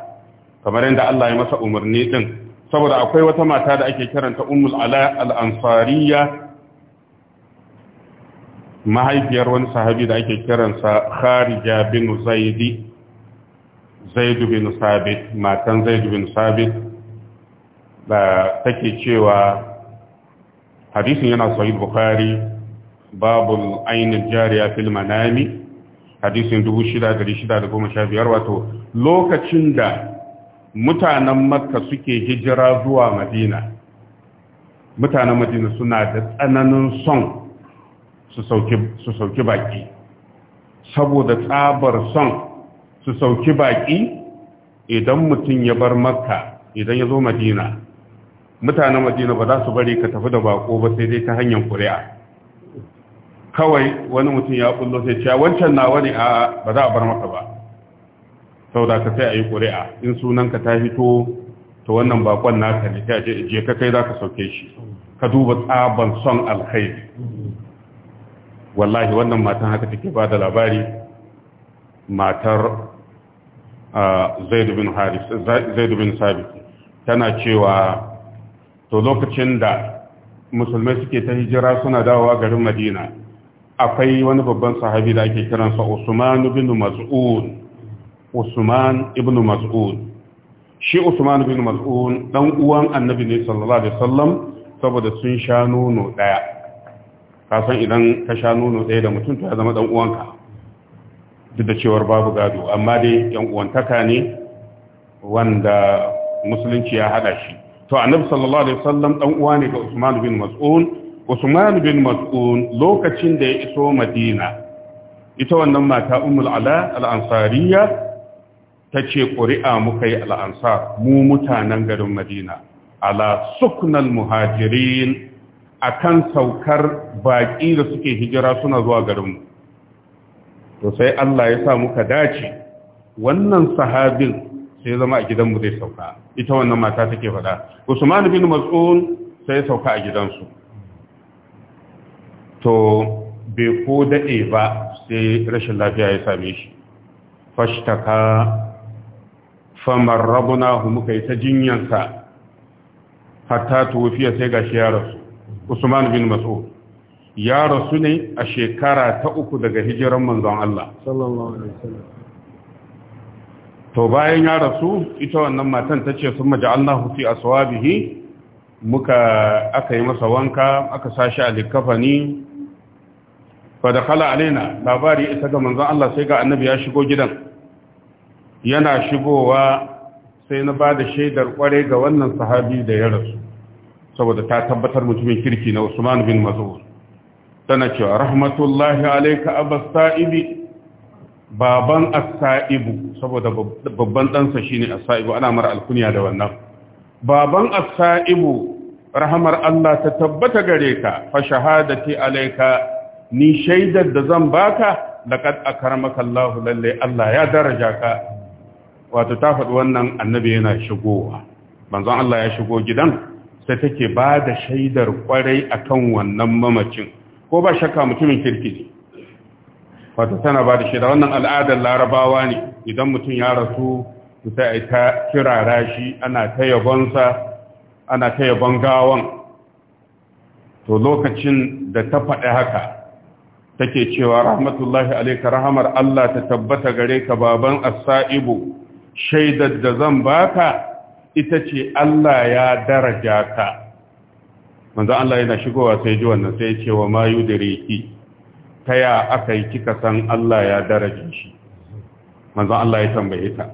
kamar yadda Allah ya masa umarni din saboda akwai wata mata da ake kiranta ummul ala al mahaifiyar wani sahabi da ake kiransa kharija bin zaidi zaidu bin sabit matan zaidu bin sabit da take cewa hadisin yana sahih Buhari, babul ainul jariya fil manami hadisin 6615 wato lokacin da mutanen makka suke hijira zuwa madina mutanen madina suna da tsananin son su sauki baki saboda tsabar son su sauki baƙi idan mutum ya bar makka idan ya zo madina mutanen madina ba za su bari ka tafi da bako ba sai dai ta hanyar kuri'a kawai wani mutum ya kullo sai cewa wancan na wani a ba za a bar maka ba sau da ka sai a yi kuri'a in sunanka ta fito ta wannan bakon naka ne a je ka kai za ka sauke shi ka duba tsaban son alkhairi wallahi wannan matan haka take ba da labari matar Zaidu bin haris sabit tana cewa to lokacin da musulmai suke ta hijira suna dawowa garin madina akwai wani babban sahabi da ake kiransa usman ibn mas'ud usman ibn mas'ud shi usman ibn mas'ud dan uwan annabi ne sallallahu alaihi wasallam saboda sun sha nono daya kasan idan ka sha nono daya da mutum to ya zama dan uwanka duk da cewar babu gado amma dai yan uwantaka ne wanda musulunci ya hada shi to annabi sallallahu alaihi wasallam dan uwa ne ga Usman bin Mas'un Usman bin Mas'un lokacin da ya iso Madina ita wannan mata Ummul Ala al-Ansariya tace ƙuri'a muka yi al-Ansar mu mutanen garin Madina ala suknal muhajirin akan saukar baƙi da suke hijira suna zuwa garinmu to sai Allah ya sa muka dace wannan sahabin sai zama a gidan mu zai sauka ita wannan mata take faɗa Usman bin Mas'ud sai sauka a gidansu to bai ko dade ba sai rashin lafiya ya same shi fashtaka famar rabuna muka yi ta jinyansa hatta tuwfiya sai gashi ya rasu Usman bin Mas'ud ya rasu ne a shekara ta uku daga hijiran manzon Allah to bayan ya rasu ita wannan matan ta ce sun maja'alnahu fi aswabihi muka aka yi masa wanka aka sashi a likafani fa kala alaina labari isa ga manzon Allah sai ga annabi ya shigo gidan yana shigowa sai na ba da shaidar kwarai ga wannan sahabi da ya rasu saboda ta tabbatar mutumin kirki na Usman bin mazur tana cewa rahmatullahi alaika abas sa'ibi baban as-sa'ibu saboda babban ɗansa shine as-sa'ibu ana mara alkuniya da wannan baban as-sa'ibu rahmar Allah ta tabbata gare ka fa shahadati alaika ni shaidar da zan baka laqad akramaka Allahu lalle Allah ya daraja ka wato ta faɗi wannan annabi yana shigowa manzon Allah ya shigo gidan sai take ba da shaidar kwarai akan wannan mamacin ko ba shakka mutumin kirki ne wata tana ba da shaida wannan al'adar larabawa ne idan mutum ya rasu su a kirara shi ana ta yabonsa ana ta yabon gawan to lokacin da ta faɗi haka take cewa rahmatullahi alaika rahamar Allah ta tabbata gare ka baban as-sa'ibu shaidar da zan baka ita ce Allah ya daraja ka manzo Allah yana shigowa sai ji wannan sai ya ce wa ma ta ya aka yi kika san Allah ya daraje shi manzo Allah ya tambaye ta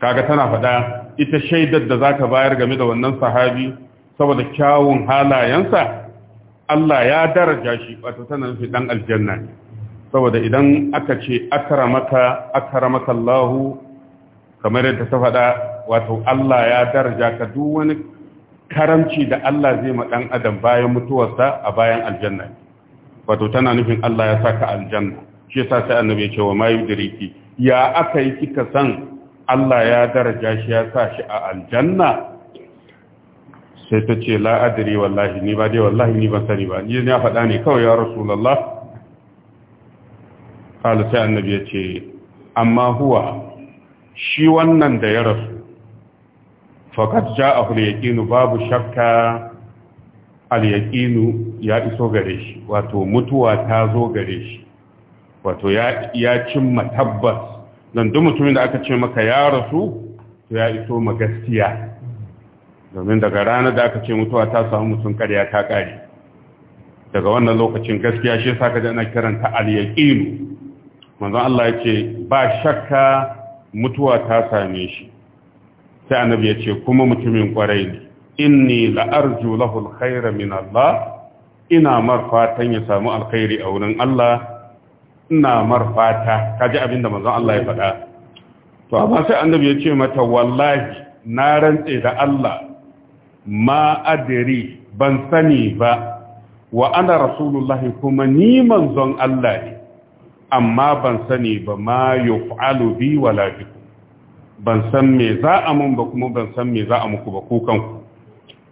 kaga tana faɗa ita shaidar da zaka bayar game da wannan sahabi saboda kyawun halayensa Allah ya daraja shi wato tana nufi dan aljanna ne saboda idan aka ce akramaka akramaka Allahu, kamar yadda ta faɗa wato Allah ya daraja ka duk wani karamci da Allah zai ma ɗan adam bayan mutuwarsa a bayan aljanna wato tana nufin Allah ya saka aljanna shi yasa sai annabi ya ce wa mayu diriki ya aka yi kika san Allah ya daraja shi ya sa shi a aljanna sai ta ce la adri wallahi ni ba dai wallahi ni ban sani ba ni ya faɗa ne kawai ya rasulullah qala sai annabi ya ce amma huwa shi wannan da ya rasu faqad ja a yaqinu babu shakka al yaƙinu ya iso gare shi wato mutuwa ta zo gare shi wato ya cimma tabbas dan duk mutumin da aka ce maka ya rasu to ya iso ma gaskiya domin daga ranar da aka ce mutuwa ta samu mutum karya ta ƙare daga wannan lokacin gaskiya shi sa ka ana kiranta al yaƙinu. manzon Allah ya ce ba shakka mutuwa ta same shi sai annabi ya ce kuma mutumin kwarai ne inni la'arju lahu alkhaira min Allah ina marfatan ya samu alkhairi a wurin Allah ina marfata kaji abinda manzon Allah ya faɗa to amma sai annabi ya ce mata wallahi na rantse da Allah ma ban sani ba wa ana rasulullahi kuma ni manzon Allah ne amma ban sani ba ma yuf'alu bi wala bikum ban san me za a mun ba kuma ban san me za a muku ba ku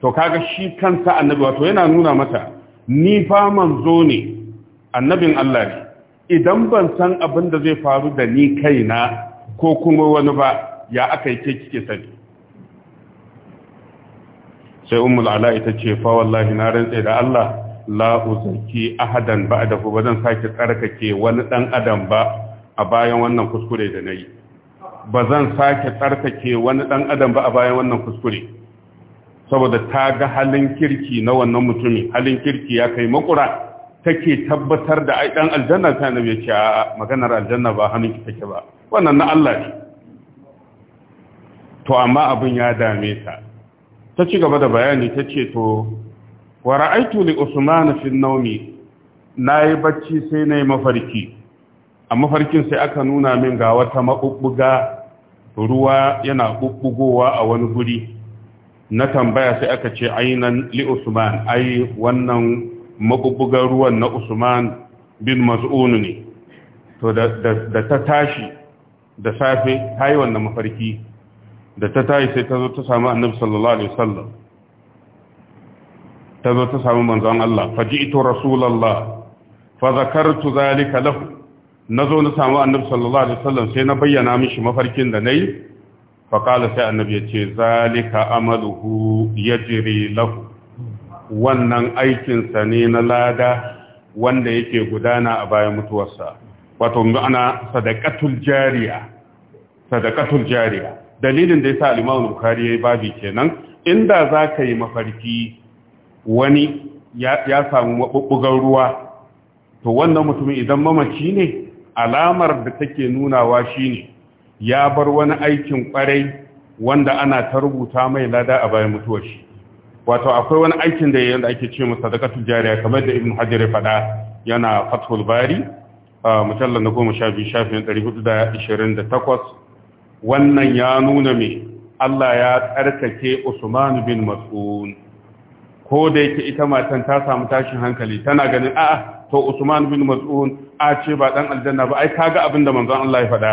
to kaga shi kansa annabi wato yana nuna mata ni fa manzo ne annabin Allah ne idan ban san abin da zai faru da ni kaina ko kuma wani ba ya aka yi ke kike sani sai ummul ala ita ce fa wallahi na rantsa da Allah la uzaki ahadan ba zan sake tsarkake wani dan adam ba a bayan wannan kuskure da nayi ba zan sake tsarkake wani ɗan adam ba a bayan wannan kuskure saboda ta ga halin kirki na wannan mutumin halin kirki ya kai makura take tabbatar da ai ɗan aljanna ta nabi ce a maganar aljanna ba hannun ki take ba wannan na Allah ne to amma abin ya dame ta ta ci gaba da bayani ta ce to wa ra'aitu li usman fi naumi nayi bacci sai nayi mafarki a mafarkin sai aka nuna min ga wata mabubbuga ruwa yana ɓuɓɓugowa a wani guri na tambaya sai aka ce ainan li Usman ai wannan mabubbugan ruwan na Usman bin Mas'un ne to da ta tashi da safe ta yi wannan mafarki da ta tashi sai ta zo ta samu annabi sallallahu alaihi wasallam ta zo ta samu manzon Allah faji'tu rasulullah fa zakartu zalika lahu na zo na samu annabi sallallahu alaihi wasallam sai na bayyana mishi mafarkin da nayi fa qala sai annabi ya ce zalika amaluhu yajri lahu wannan aikin sa ne na lada wanda yake gudana a bayan mutuwarsa wato ma'ana sadaqatul jariya sadaqatul jariya dalilin da yasa al-Imam Bukhari yayi babi kenan inda zaka yi mafarki wani ya samu mabubbugan ruwa to wannan mutumin idan mamaci ne alamar da take nunawa shine ya bar wani aikin kwarai wanda ana ta rubuta mai lada a bayan mutuwar shi wato akwai wani aikin da yanda ake ce masa sadaqatul jariya kamar da ibn hajar ya faɗa yana fathul bari mujallal na goma sha biyu shafin ɗari hudu da ishirin da takwas wannan ya nuna me Allah ya tsarkake Usman bin Mas'ud ko da yake ita matan ta samu tashin hankali tana ganin a'a to Usman bin Mas'ud a ce ba dan aljanna ba ai kaga abin da manzon Allah ya faɗa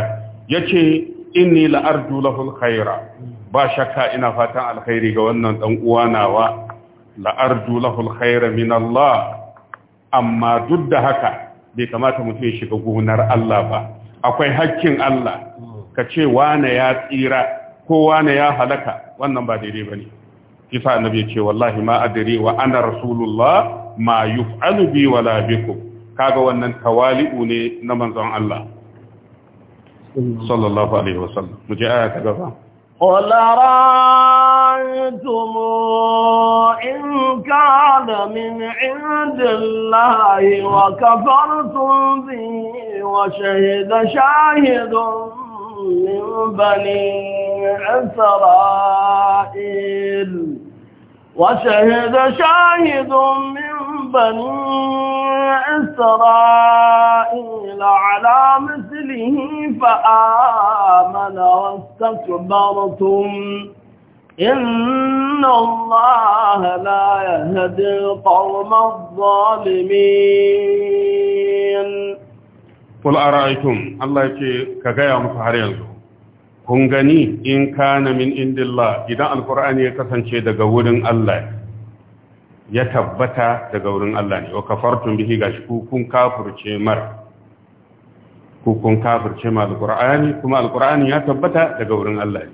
yace inni la arju lahu alkhaira ba shakka ina fatan alkhairi ga wannan dan uwa nawa la arju lahu min Allah amma duk da haka bai kamata mutum ya shiga gonar Allah ba akwai hakkin Allah ka ce wane ya tsira ko wane ya halaka wannan ba daidai bane kisa annabi ya ce wallahi ma adri wa ana rasulullah ma yuf'alu bi wala bikum kaga wannan tawali'u ne na manzon Allah sallallahu alaihi wasallam mu ji aya ta gaba قل رأيتم إن كان من عند الله وكفرتم به وشهد شاهد من بني إسرائيل وشهد شاهد من بني إسرائيل على مثله فآمن واستكبرتم إن الله لا يهدي القوم الظالمين قل أرأيتم الله كغاية مفهرين kun gani in kana min indillah idan alkur'ani ya kasance daga wurin Allah ya tabbata daga wurin Allah ne wa kafartum bihi gashi ku kun mar kukun ma alqur'ani kuma alqur'ani ya tabbata daga wurin Allah ne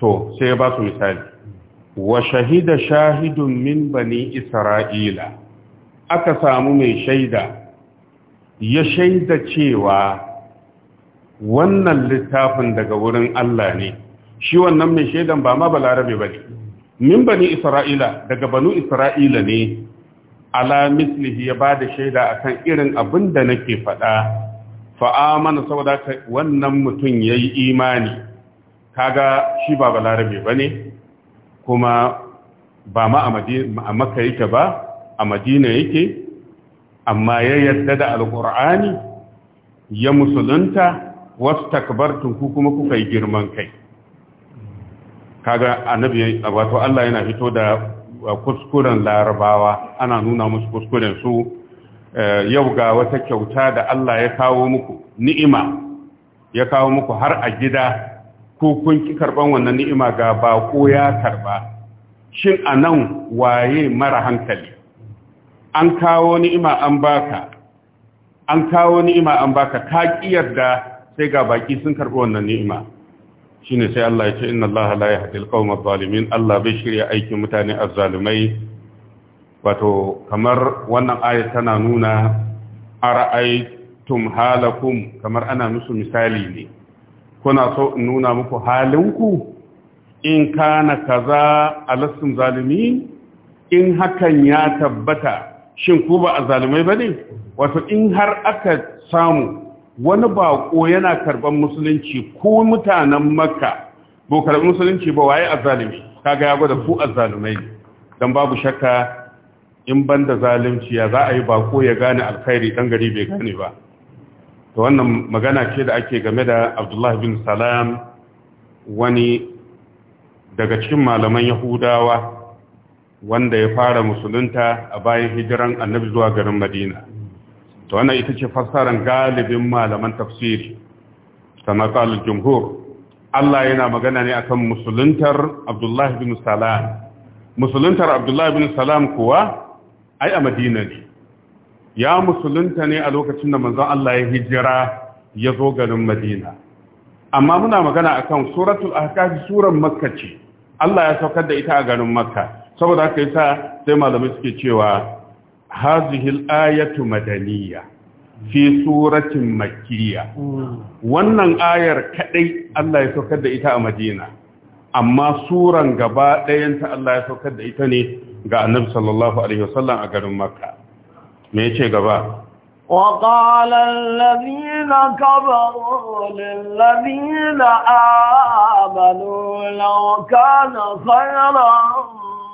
to sai ya ba su misali wa shahida shahidun min bani isra'ila aka samu mai shaida ya shaida cewa wannan littafin daga wurin Allah ne shi wannan mai shaidan ba ma balarabe ne. min bani isra'ila daga banu isra'ila ne ala mislihi ya ba da shaida a kan irin abin da nake faɗa fa'amana saboda ka wannan mutum ya yi imani kaga shi ba balarabe ba ne kuma ba ma a maka yake ba a madina yake amma ya yarda da alƙur'ani ya musulunta wasu takbartun ku kuma kuka yi girman kai kaga annabi wato Allah yana fito da uh, kuskuren larabawa ana nuna musu kuskuren su eh, yau ga wata kyauta da Allah ya kawo muku ni'ima ya kawo muku har a gida ko kun ki karban wannan ni'ima ga bako ya karba shin anan waye mara hankali an kawo ni'ima an baka an kawo ni'ima an baka ka da sai ga baki sun karbi wannan ni'ima shine sai Allah ya ce inna Allah la yahdi al-qawma adh-dhalimin Allah bai shirya aikin mutane azzalumai wato kamar wannan ayat tana nuna ara'aytum halakum kamar ana musu misali ne kuna so in nuna muku halinku in kana kaza alastum zalimin in hakan ya tabbata shin ku ba azzalumai bane wato in har aka samu wani baƙo yana karban musulunci ko mutanen makka ko karban musulunci ba waye azzalimi kaga ya gwada ku azzalumai dan babu shakka in banda zalunci ya za a yi bako ya gane alkhairi dan gari bai gane ba to wannan magana ce da ake game da Abdullah bin Salam wani daga cikin malaman Yahudawa wanda ya fara musulunta a bayan hijiran Annabi zuwa garin Madina wannan ita ce fassarar galibin malaman tafsiri kamar kalin jumhur Allah yana magana ne akan musuluntar Abdullahi bin Salam musuluntar Abdullahi bin Salam kuwa ai a Madina ne ya musulunta ne a lokacin da manzon Allah ya hijira ya zo garin Madina amma muna magana akan suratul ahqaf suran makka ce Allah ya saukar da ita a garin makka saboda haka yasa sai malamai suke cewa hazihil ayatu madaniya fi suratin makkiya wannan ayar kaɗai Allah ya saukar da ita a Madina amma suran gaba ɗayanta Allah ya saukar da ita ne ga Annabi sallallahu a garin Makka me yace gaba وقال Ladina كبروا للذين آمنوا لو كان خيرا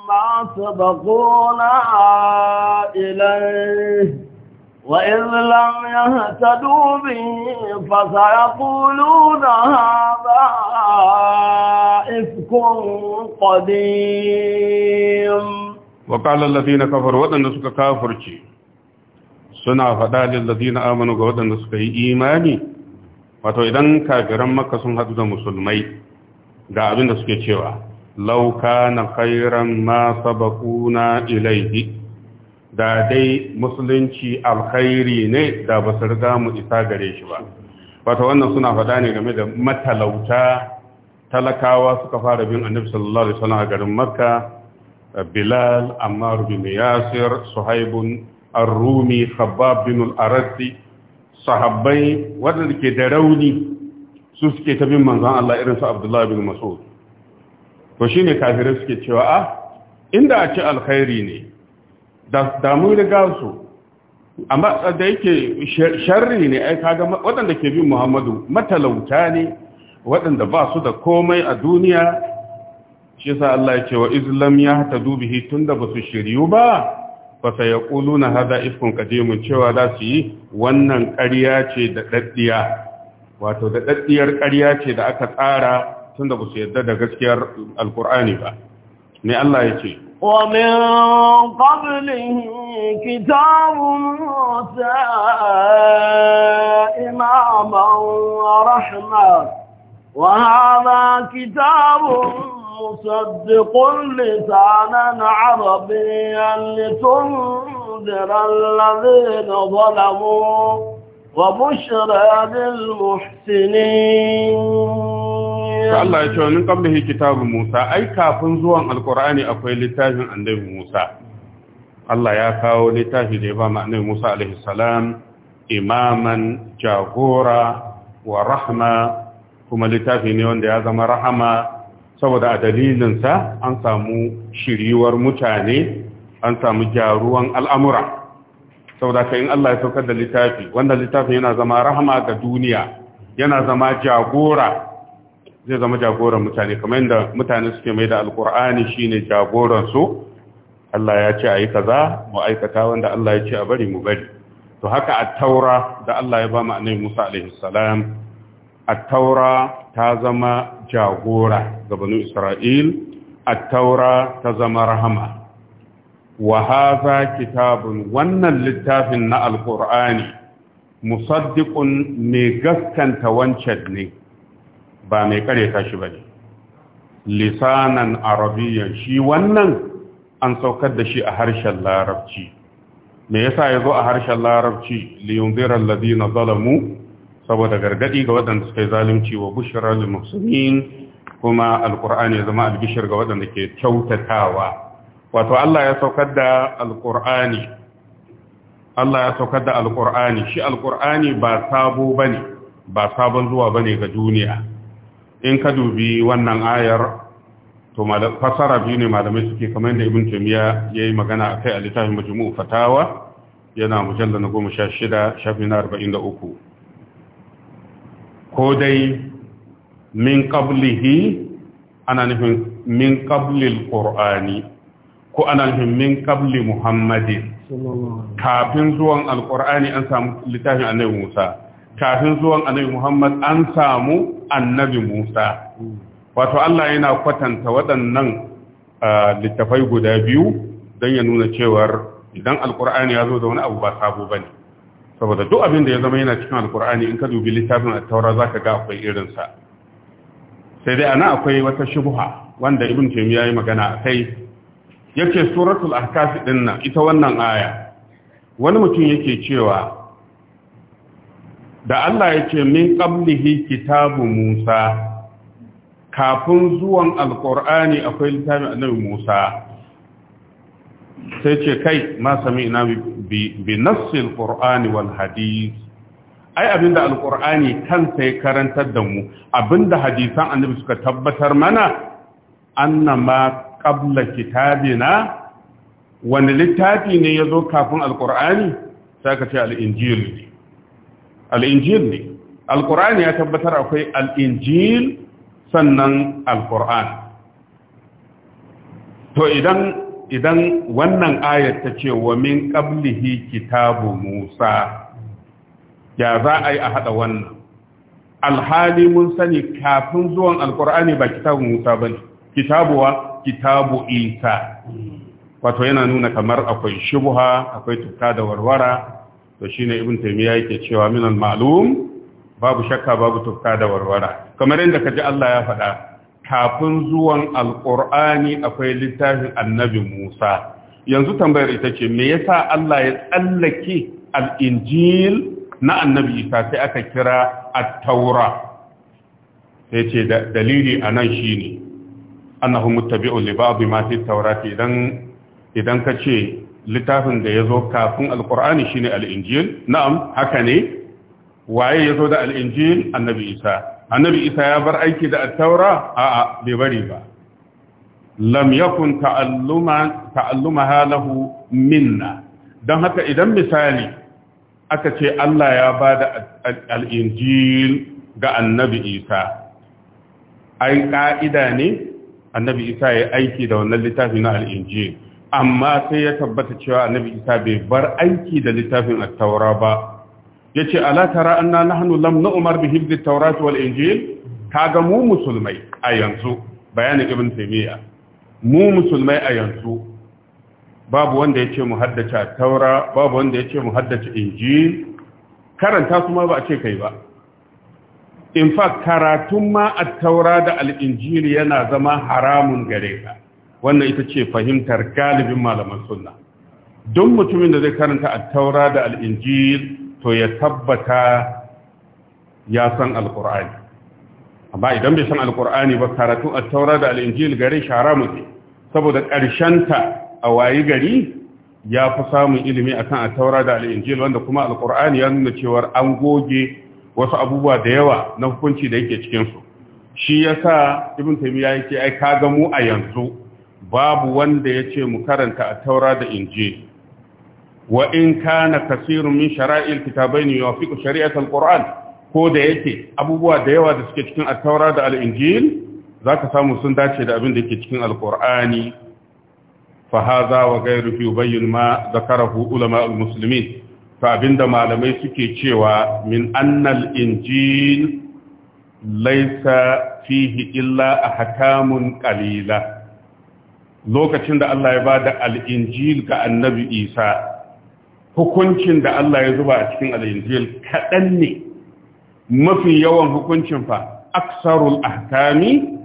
ما سبقونا إليه وإذ لم يهتدوا به فسيقولون هذا إفك قديم وقال الذين كفروا ودن سك كافرتي suna faɗa lillazina amanu ga waɗanda suka yi imani wato idan kafiran makka sun haɗu da musulmai ga abin da suke cewa Lauka kana khairan ma sabaquna ilayhi da dai musulunci alkhairi ne da ba su riga mu isa gare shi ba wato wannan suna faɗa ne game da matalauta talakawa suka fara bin annabi sallallahu alaihi wasallam a garin makka bilal ammar bin yasir suhaibun ar-rumi khabbab bin al-arasi sahabbai waɗanda ke da rauni su suke ta bin manzon Allah irin su abdullahi bin mas'ud to shi ne kafirai suke cewa a ah, inda a ci alkhairi ne da mu riga su amma da yake sharri ne ai kaga waɗanda ke bin Muhammadu matalauta ne waɗanda ba su da komai a duniya shi sa Allah ya ce wa islam ya hata dubihi tunda ba su shiryu ba fa sayaquluna hadha ifkun kadimun cewa za su yi wannan ƙarya ce da daddiya wato da daddiyar ƙarya ce da aka tsara tunda ba su yadda da gaskiyar alkur'ani ba ne Allah ya ce ومن قبله كتاب موسى إماما ورحمة وهذا كتاب مصدق لسانا عربيا لتنذر الذين ظلموا وبشرى للمحسنين Allah ce wani ƙambe shi kitabin Musa, ai, kafin zuwan Alƙura'ani akwai littafin annabi Musa, Allah ya kawo littafi da ya ba ma'anai Musa Alaihissalam, imaman jagora wa rahama, kuma littafi ne wanda ya zama rahama, saboda a dalilinsa an samu shiriwar mutane, an samu jaruwan al’amuran. saboda ka in Allah ya saukar da littafi wannan littafin yana zama rahama ga duniya yana zama jagora zai zama jagoran mutane kamar yadda mutane suke mai da alkur'ani shine jagoran su Allah ya ce ayi kaza mu aikata wanda Allah ya ce a bari mu bari to haka at-taura da Allah ya ba mu annabi Musa alaihi salam at-taura ta zama jagora ga banu Isra'il at-taura ta zama rahama wa haza kitabun wannan littafin na alkur'ani musaddiqun mai gaskanta wancan ne ba mai kare ta shi bane lisanan arabiyyan shi wannan an saukar da shi a harshen larabci me yasa zo a harshen larabci liyunzira alladhina zalamu saboda gargadi ga waɗanda suka yi zalunci wa bushra lil muhsinin kuma alqur'ani ya zama albishir ga waɗanda ke kyautatawa wato Allah ya saukar da alƙur'ani Allah ya saukar da alƙur'ani shi alƙur'ani ba sabo bane ba sabon zuwa bane ga duniya in ka dubi wannan ayar to fasara biyu ne malamai suke kamar da ibn tamiya yayi magana akai a littafin Majmu' fatawa yana mujallal na 16 shafin 43 ko dai min qablihi ana nufin min qablil qur'ani ko ana min kabli muhammadin kafin zuwan alkur'ani an samu littafin annabi musa kafin zuwan annabi muhammad an samu annabi musa hmm. wato allah yana kwatanta waɗannan ah, littafai guda biyu don ya nuna cewar idan alkur'ani ya zo da wani abu ba sabo ba ne saboda duk abin da ya zama yana cikin alkur'ani in ka dubi littafin attaura za ka ga akwai irinsa sai dai ana akwai wata shubha wanda ibn taymiya ya yi magana a yake suratul ahkaf din nan ita wannan aya wani mutum yake cewa da Allah yake min qablihi kitabu Musa kafin zuwan alqur'ani akwai littafin annabi Musa sai ce kai ma sami'na bi nassil qur'ani wal hadith ai abinda alqur'ani kansa ya karantar da mu abinda hadisan annabi suka tabbatar mana annama qabla kitabina wani littafi ne ya zo kafin alkur'ani sai ka ce al'injil ne al'injil ne alkur'ani ya tabbatar akwai al'injil sannan alkur'ani to idan wannan ayat ta ce wa min qablihi kitabu musa ya za a yi a haɗa wannan alhali mun sani kafin zuwan alkur'ani ba kitabu musa ba ne kitabuwa kitabu ita. wato yana nuna kamar akwai shubha akwai tuka da warwara to shine ibn taymiya yake cewa min malum babu shakka babu tuka da warwara kamar yadda kaji Allah ya faɗa kafin zuwan alqur'ani akwai littafin annabi Musa yanzu tambayar ita ce me yasa Allah ya tsallake al-injil na annabi Isa sai aka kira at-taura sai ce dalili anan shine annahu muttabi'un li ba'd ma fi tawrati idan idan kace littafin da yazo kafin alqur'ani shine al-injil na'am haka ne waye yazo da al-injil annabi isa annabi isa ya bar aiki da at-taura a'a bai bari ba lam yakun ta'alluma ta'allumaha lahu minna don haka idan misali aka ce Allah ya ba da al'injil ga annabi isa ai ƙa'ida ne annabi isa ya aiki da wannan littafi na alinji amma sai ya tabbata cewa annabi isa bai bar aiki da littafin a taura ba yace alatara tara anna hannu lam Umar bi hifdhi at-taurat wal injil ga mu musulmai a yanzu bayanin ibn taimiyya mu musulmai a yanzu babu wanda yace mu haddace taura babu wanda ce mu haddace injil karanta su ma ba a ce kai ba in fact karatun ma at-taura da al yana zama haramun gare ka wannan ita ce fahimtar galibin malaman sunna don mutumin da zai karanta at-taura da al to ya tabbata ya san al amma idan bai san al ba karatun at-taura da al gare shi haramun ne saboda ta a wayi gari ya fi samun ilimi akan at-taura da al wanda kuma al ya nuna cewa an goge wasu abubuwa da yawa na hukunci da yake cikinsu shi ya sa ibn taimiyya yake ai ga mu a yanzu babu wanda ya ce mu karanta a taura da injil wa in kana kasirun min shara'il kitabaini yuwafiqu al qur'an ko da yake abubuwa da yawa da suke cikin at-taura da al-injil zaka samu sun dace da abin da yake cikin al-qur'ani fa hadha wa ghayruhu yubayyin ma zakarahu ulama al-muslimin to abinda malamai suke cewa min annal injil laisa fihi illa ahkamun qalila lokacin da Allah ya ba al-injil ga annabi Isa hukuncin da Allah ya zuba a cikin al kaɗan ne mafi yawan hukuncin fa aksarul ahkami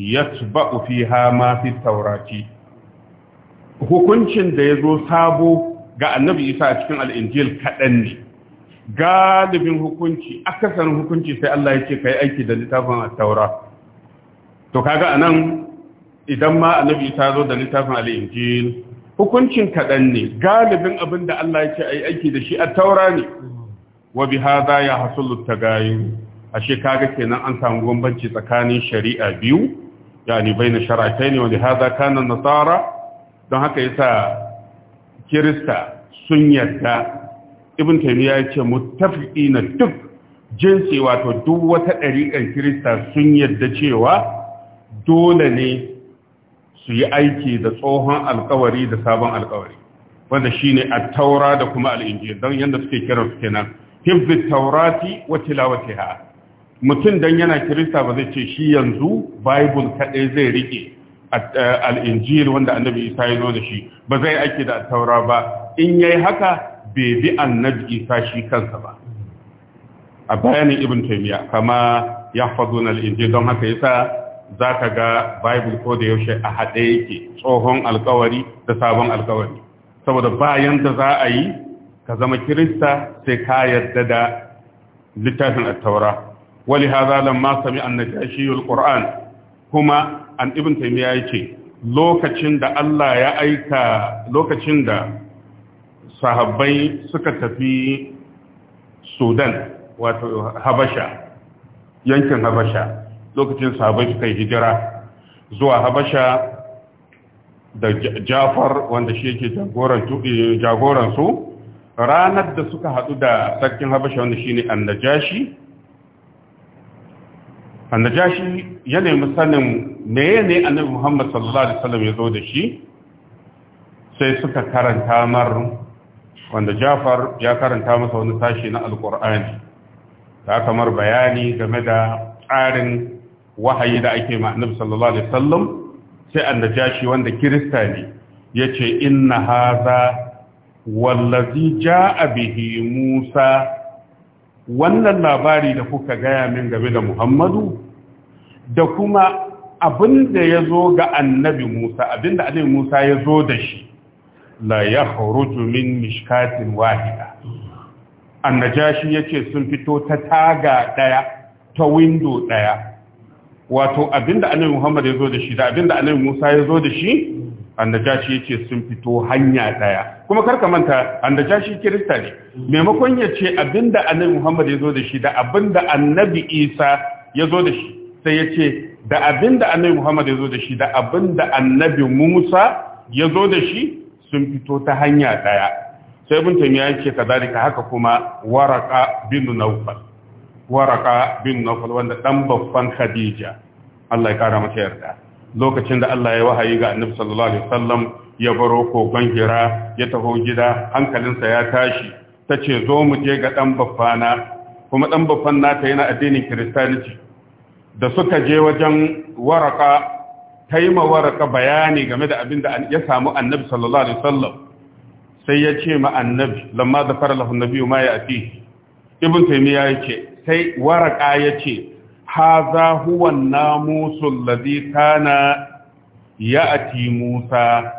yatba'u fiha ma fi hukuncin da ya zo sabo ga annabi isa a cikin al'injil kaɗan ne galibin hukunci akasarin hukunci sai Allah ya ce ka yi aiki da littafin taura to kaga a nan idan ma annabi isa zo da littafin al'injil hukuncin kaɗan ne galibin abin da Allah ya ce a yi aiki da shi a taura ne wa bi haza ya hasulu tagayu ashe kaga kenan an samu bambanci tsakanin shari'a biyu yani baina shar'atayn wa li haza kana nasara don haka yasa kirista sun yarda ibn taymiya ya ce muttafiqina duk jinsi wato duk wata ɗariƙar kirista sun yarda cewa dole ne su yi aiki da tsohon alkawari da sabon alkawari wanda shine at-taura da kuma al-injil don yanda suke kira su kenan hifz taurati wa tilawatiha mutum dan yana kirista ba zai ce shi yanzu bible kadai zai rike Eh, al'injil wanda annabi isa ya zo da shi ba zai ake da taura ba in yayi haka bai bi annabi isa shi kansa ba a bayanin ibn taymiya kama yahfazuna na injil don haka yasa zaka ga bible ko da yaushe a hade yake tsohon alkawari da sabon alkawari saboda bayan da za a yi ka zama kirista sai ka yarda da littafin attaura taura wali hadha lamma sami an quran kuma an ibn taymiya ce. lokacin da Allah ya aika lokacin da sahabbai suka tafi Sudan wato Habasha yankin Habasha lokacin sahabbai suka yi hijira zuwa Habasha da Jafar wanda shi yake jagoran eh, su ranar da suka hadu da sarkin Habasha wanda shine Annajashi annajashi ya nemi sanin meye ne annabi Muhammad sallallahu alaihi wasallam ya zo da shi sai suka karanta mar wanda Jafar ya karanta masa wani sashi na alkur'ani ta kamar bayani game da tsarin wahayi da ake ma annabi sallallahu alaihi wasallam sai annajashi wanda Kirista ne ya ce inna haza wallazi jaa bihi Musa wannan labari da kuka gaya min game da muhammadu da kuma abin da ya zo ga annabi musa abin da annabi musa ya zo da shi la ya huruju min mishkatin wahida annajashi ya ce sun fito ta taga ɗaya ta windo ɗaya wato abin da annabi muhammad ya zo da shi da abin da annabi musa ya zo da shi annajashi yake sun fito hanya daya kuma karka manta Andajashi kirista ne maimakon ya ce abinda annabi Muhammad ya zo da shi da abinda annabi Isa ya zo da shi sai ya ce da abinda annabi Muhammad ya zo da shi da abinda annabi Musa ya zo da shi sun fito ta hanya daya sai ibn taymiya yake kazalika haka kuma waraka bin nawfal waraka bin nawfal wanda dan babban khadija Allah ya kara masa yarda lokacin da Allah ya wahayi ga annabi sallallahu alaihi wasallam ya baro kogon hira ya taho gida hankalinsa ya tashi ta ce zo mu je ga ɗan baffana kuma ɗan baffan nata yana addinin kiristanci. da suka je wajen waraka taima waraka bayani game da abin da ya samu annabi sallallahu alaihi wasallam sai ya ce ma annabi lamma da fara lahun nabiyu ma ya ati ibn taymiya ya ce sai waraka ya ce haza huwa namusul ladhi kana ya'ti Musa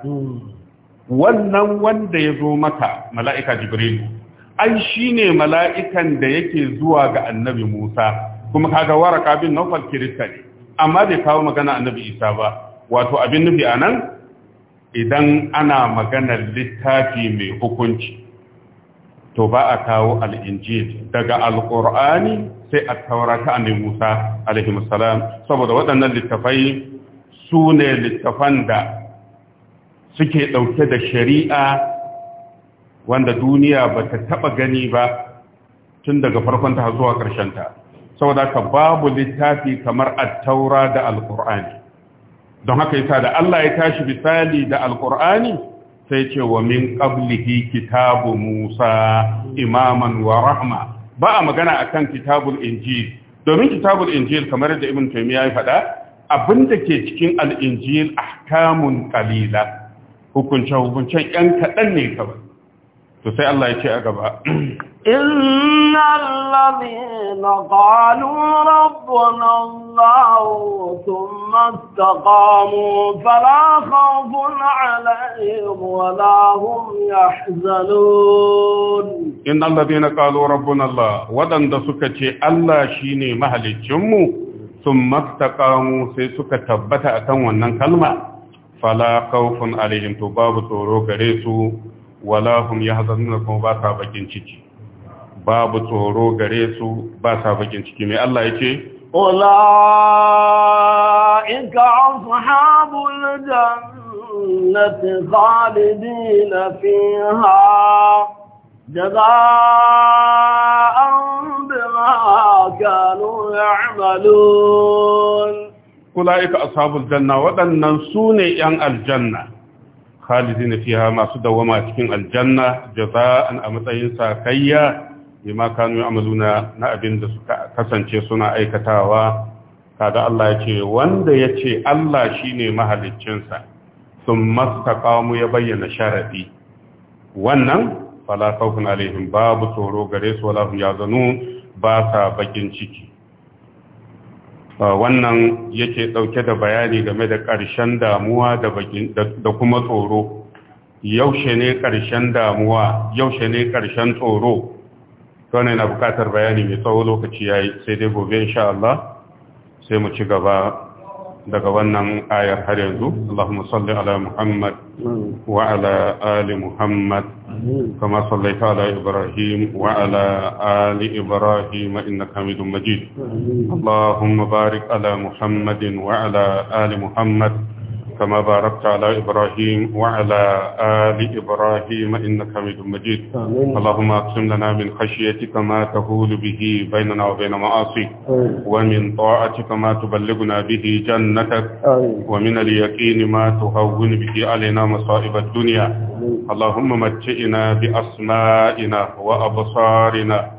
wannan wanda yazo zo maka mala'ika Jibril ai shine mala'ikan da yake zuwa ga annabi Musa kuma kaga waraka bin Nawfal Kirista amma bai kawo magana annabi Isa ba wato abin nufi anan idan ana maganar littafi mai hukunci to ba a kawo al-injil daga al-qur'ani sai a taura ta annabi Musa alaihi salam saboda waɗannan littafai su ne littafan da suke ɗauke da shari'a wanda duniya ba ta taɓa gani ba tun daga farkon ta zuwa ta. saboda ka babu littafi kamar a taura da al don haka yasa da Allah ya tashi misali da al sai ce wa min ƙablihi kitabu Musa imaman wa rahma ba a magana akan kitabul injil domin kitabul injil kamar da ibn taymiya ya faɗa abinda ke cikin al-injil ahkamun ƙalila. hukunce hukuncen yan kaɗan ne kawai to Allah ya ce a gaba إن الذين قالوا ربنا الله ثم استقاموا فلا خوف عليهم ولا هم يحزنون إن الذين قالوا ربنا الله ودن دسكة الله شيني مهل الجمو ثم استقاموا سيسك تبت أتوانا كلمة فلا خوف عليهم تباب تورو غريسو ولا هم يحزنون كما باتا بكين شيء babu tsoro gare su ba sa ciki mai Allah ya ce Ola in ka an khalidi na fi ha jaza an bima kanu ya Kula ika ashabul janna waɗannan su ne ‘yan aljanna, khalidi na fi masu dawama cikin aljanna jaza an a matsayin sakayya’ bima kanu amaluna na abin da suka kasance suna aikatawa kaga Allah ya wanda ya ce Allah shine mahaliccinsa sun mastaqamu ya bayyana sharadi wannan fala khawfun alaihim babu tsoro gare su wala hum yazanun ba sa bakin ciki wannan yake dauke da bayani game da ƙarshen damuwa da da kuma tsoro yaushe ne ƙarshen damuwa yaushe ne ƙarshen tsoro wannan yana bukatar bayani mai tsawo lokaci yayi sai dai gobe insha Allah sai mu ci gaba daga wannan ayar har yanzu Allahumma salli ala Muhammad wa ala ali Muhammad kama sallaita ala Ibrahim wa ala ali Ibrahim innaka Hamidum Majid Allahumma barik ala Muhammadin wa ala ali Muhammad كما باركت على إبراهيم وعلى آل إبراهيم إنك حميد مجيد آمين. اللهم أقسم لنا من خشيتك ما تهول به بيننا وبين معاصيك ومن طاعتك ما تبلغنا به جنتك آمين. ومن اليقين ما تهون به علينا مصائب الدنيا آمين. اللهم متئنا بأسمائنا وأبصارنا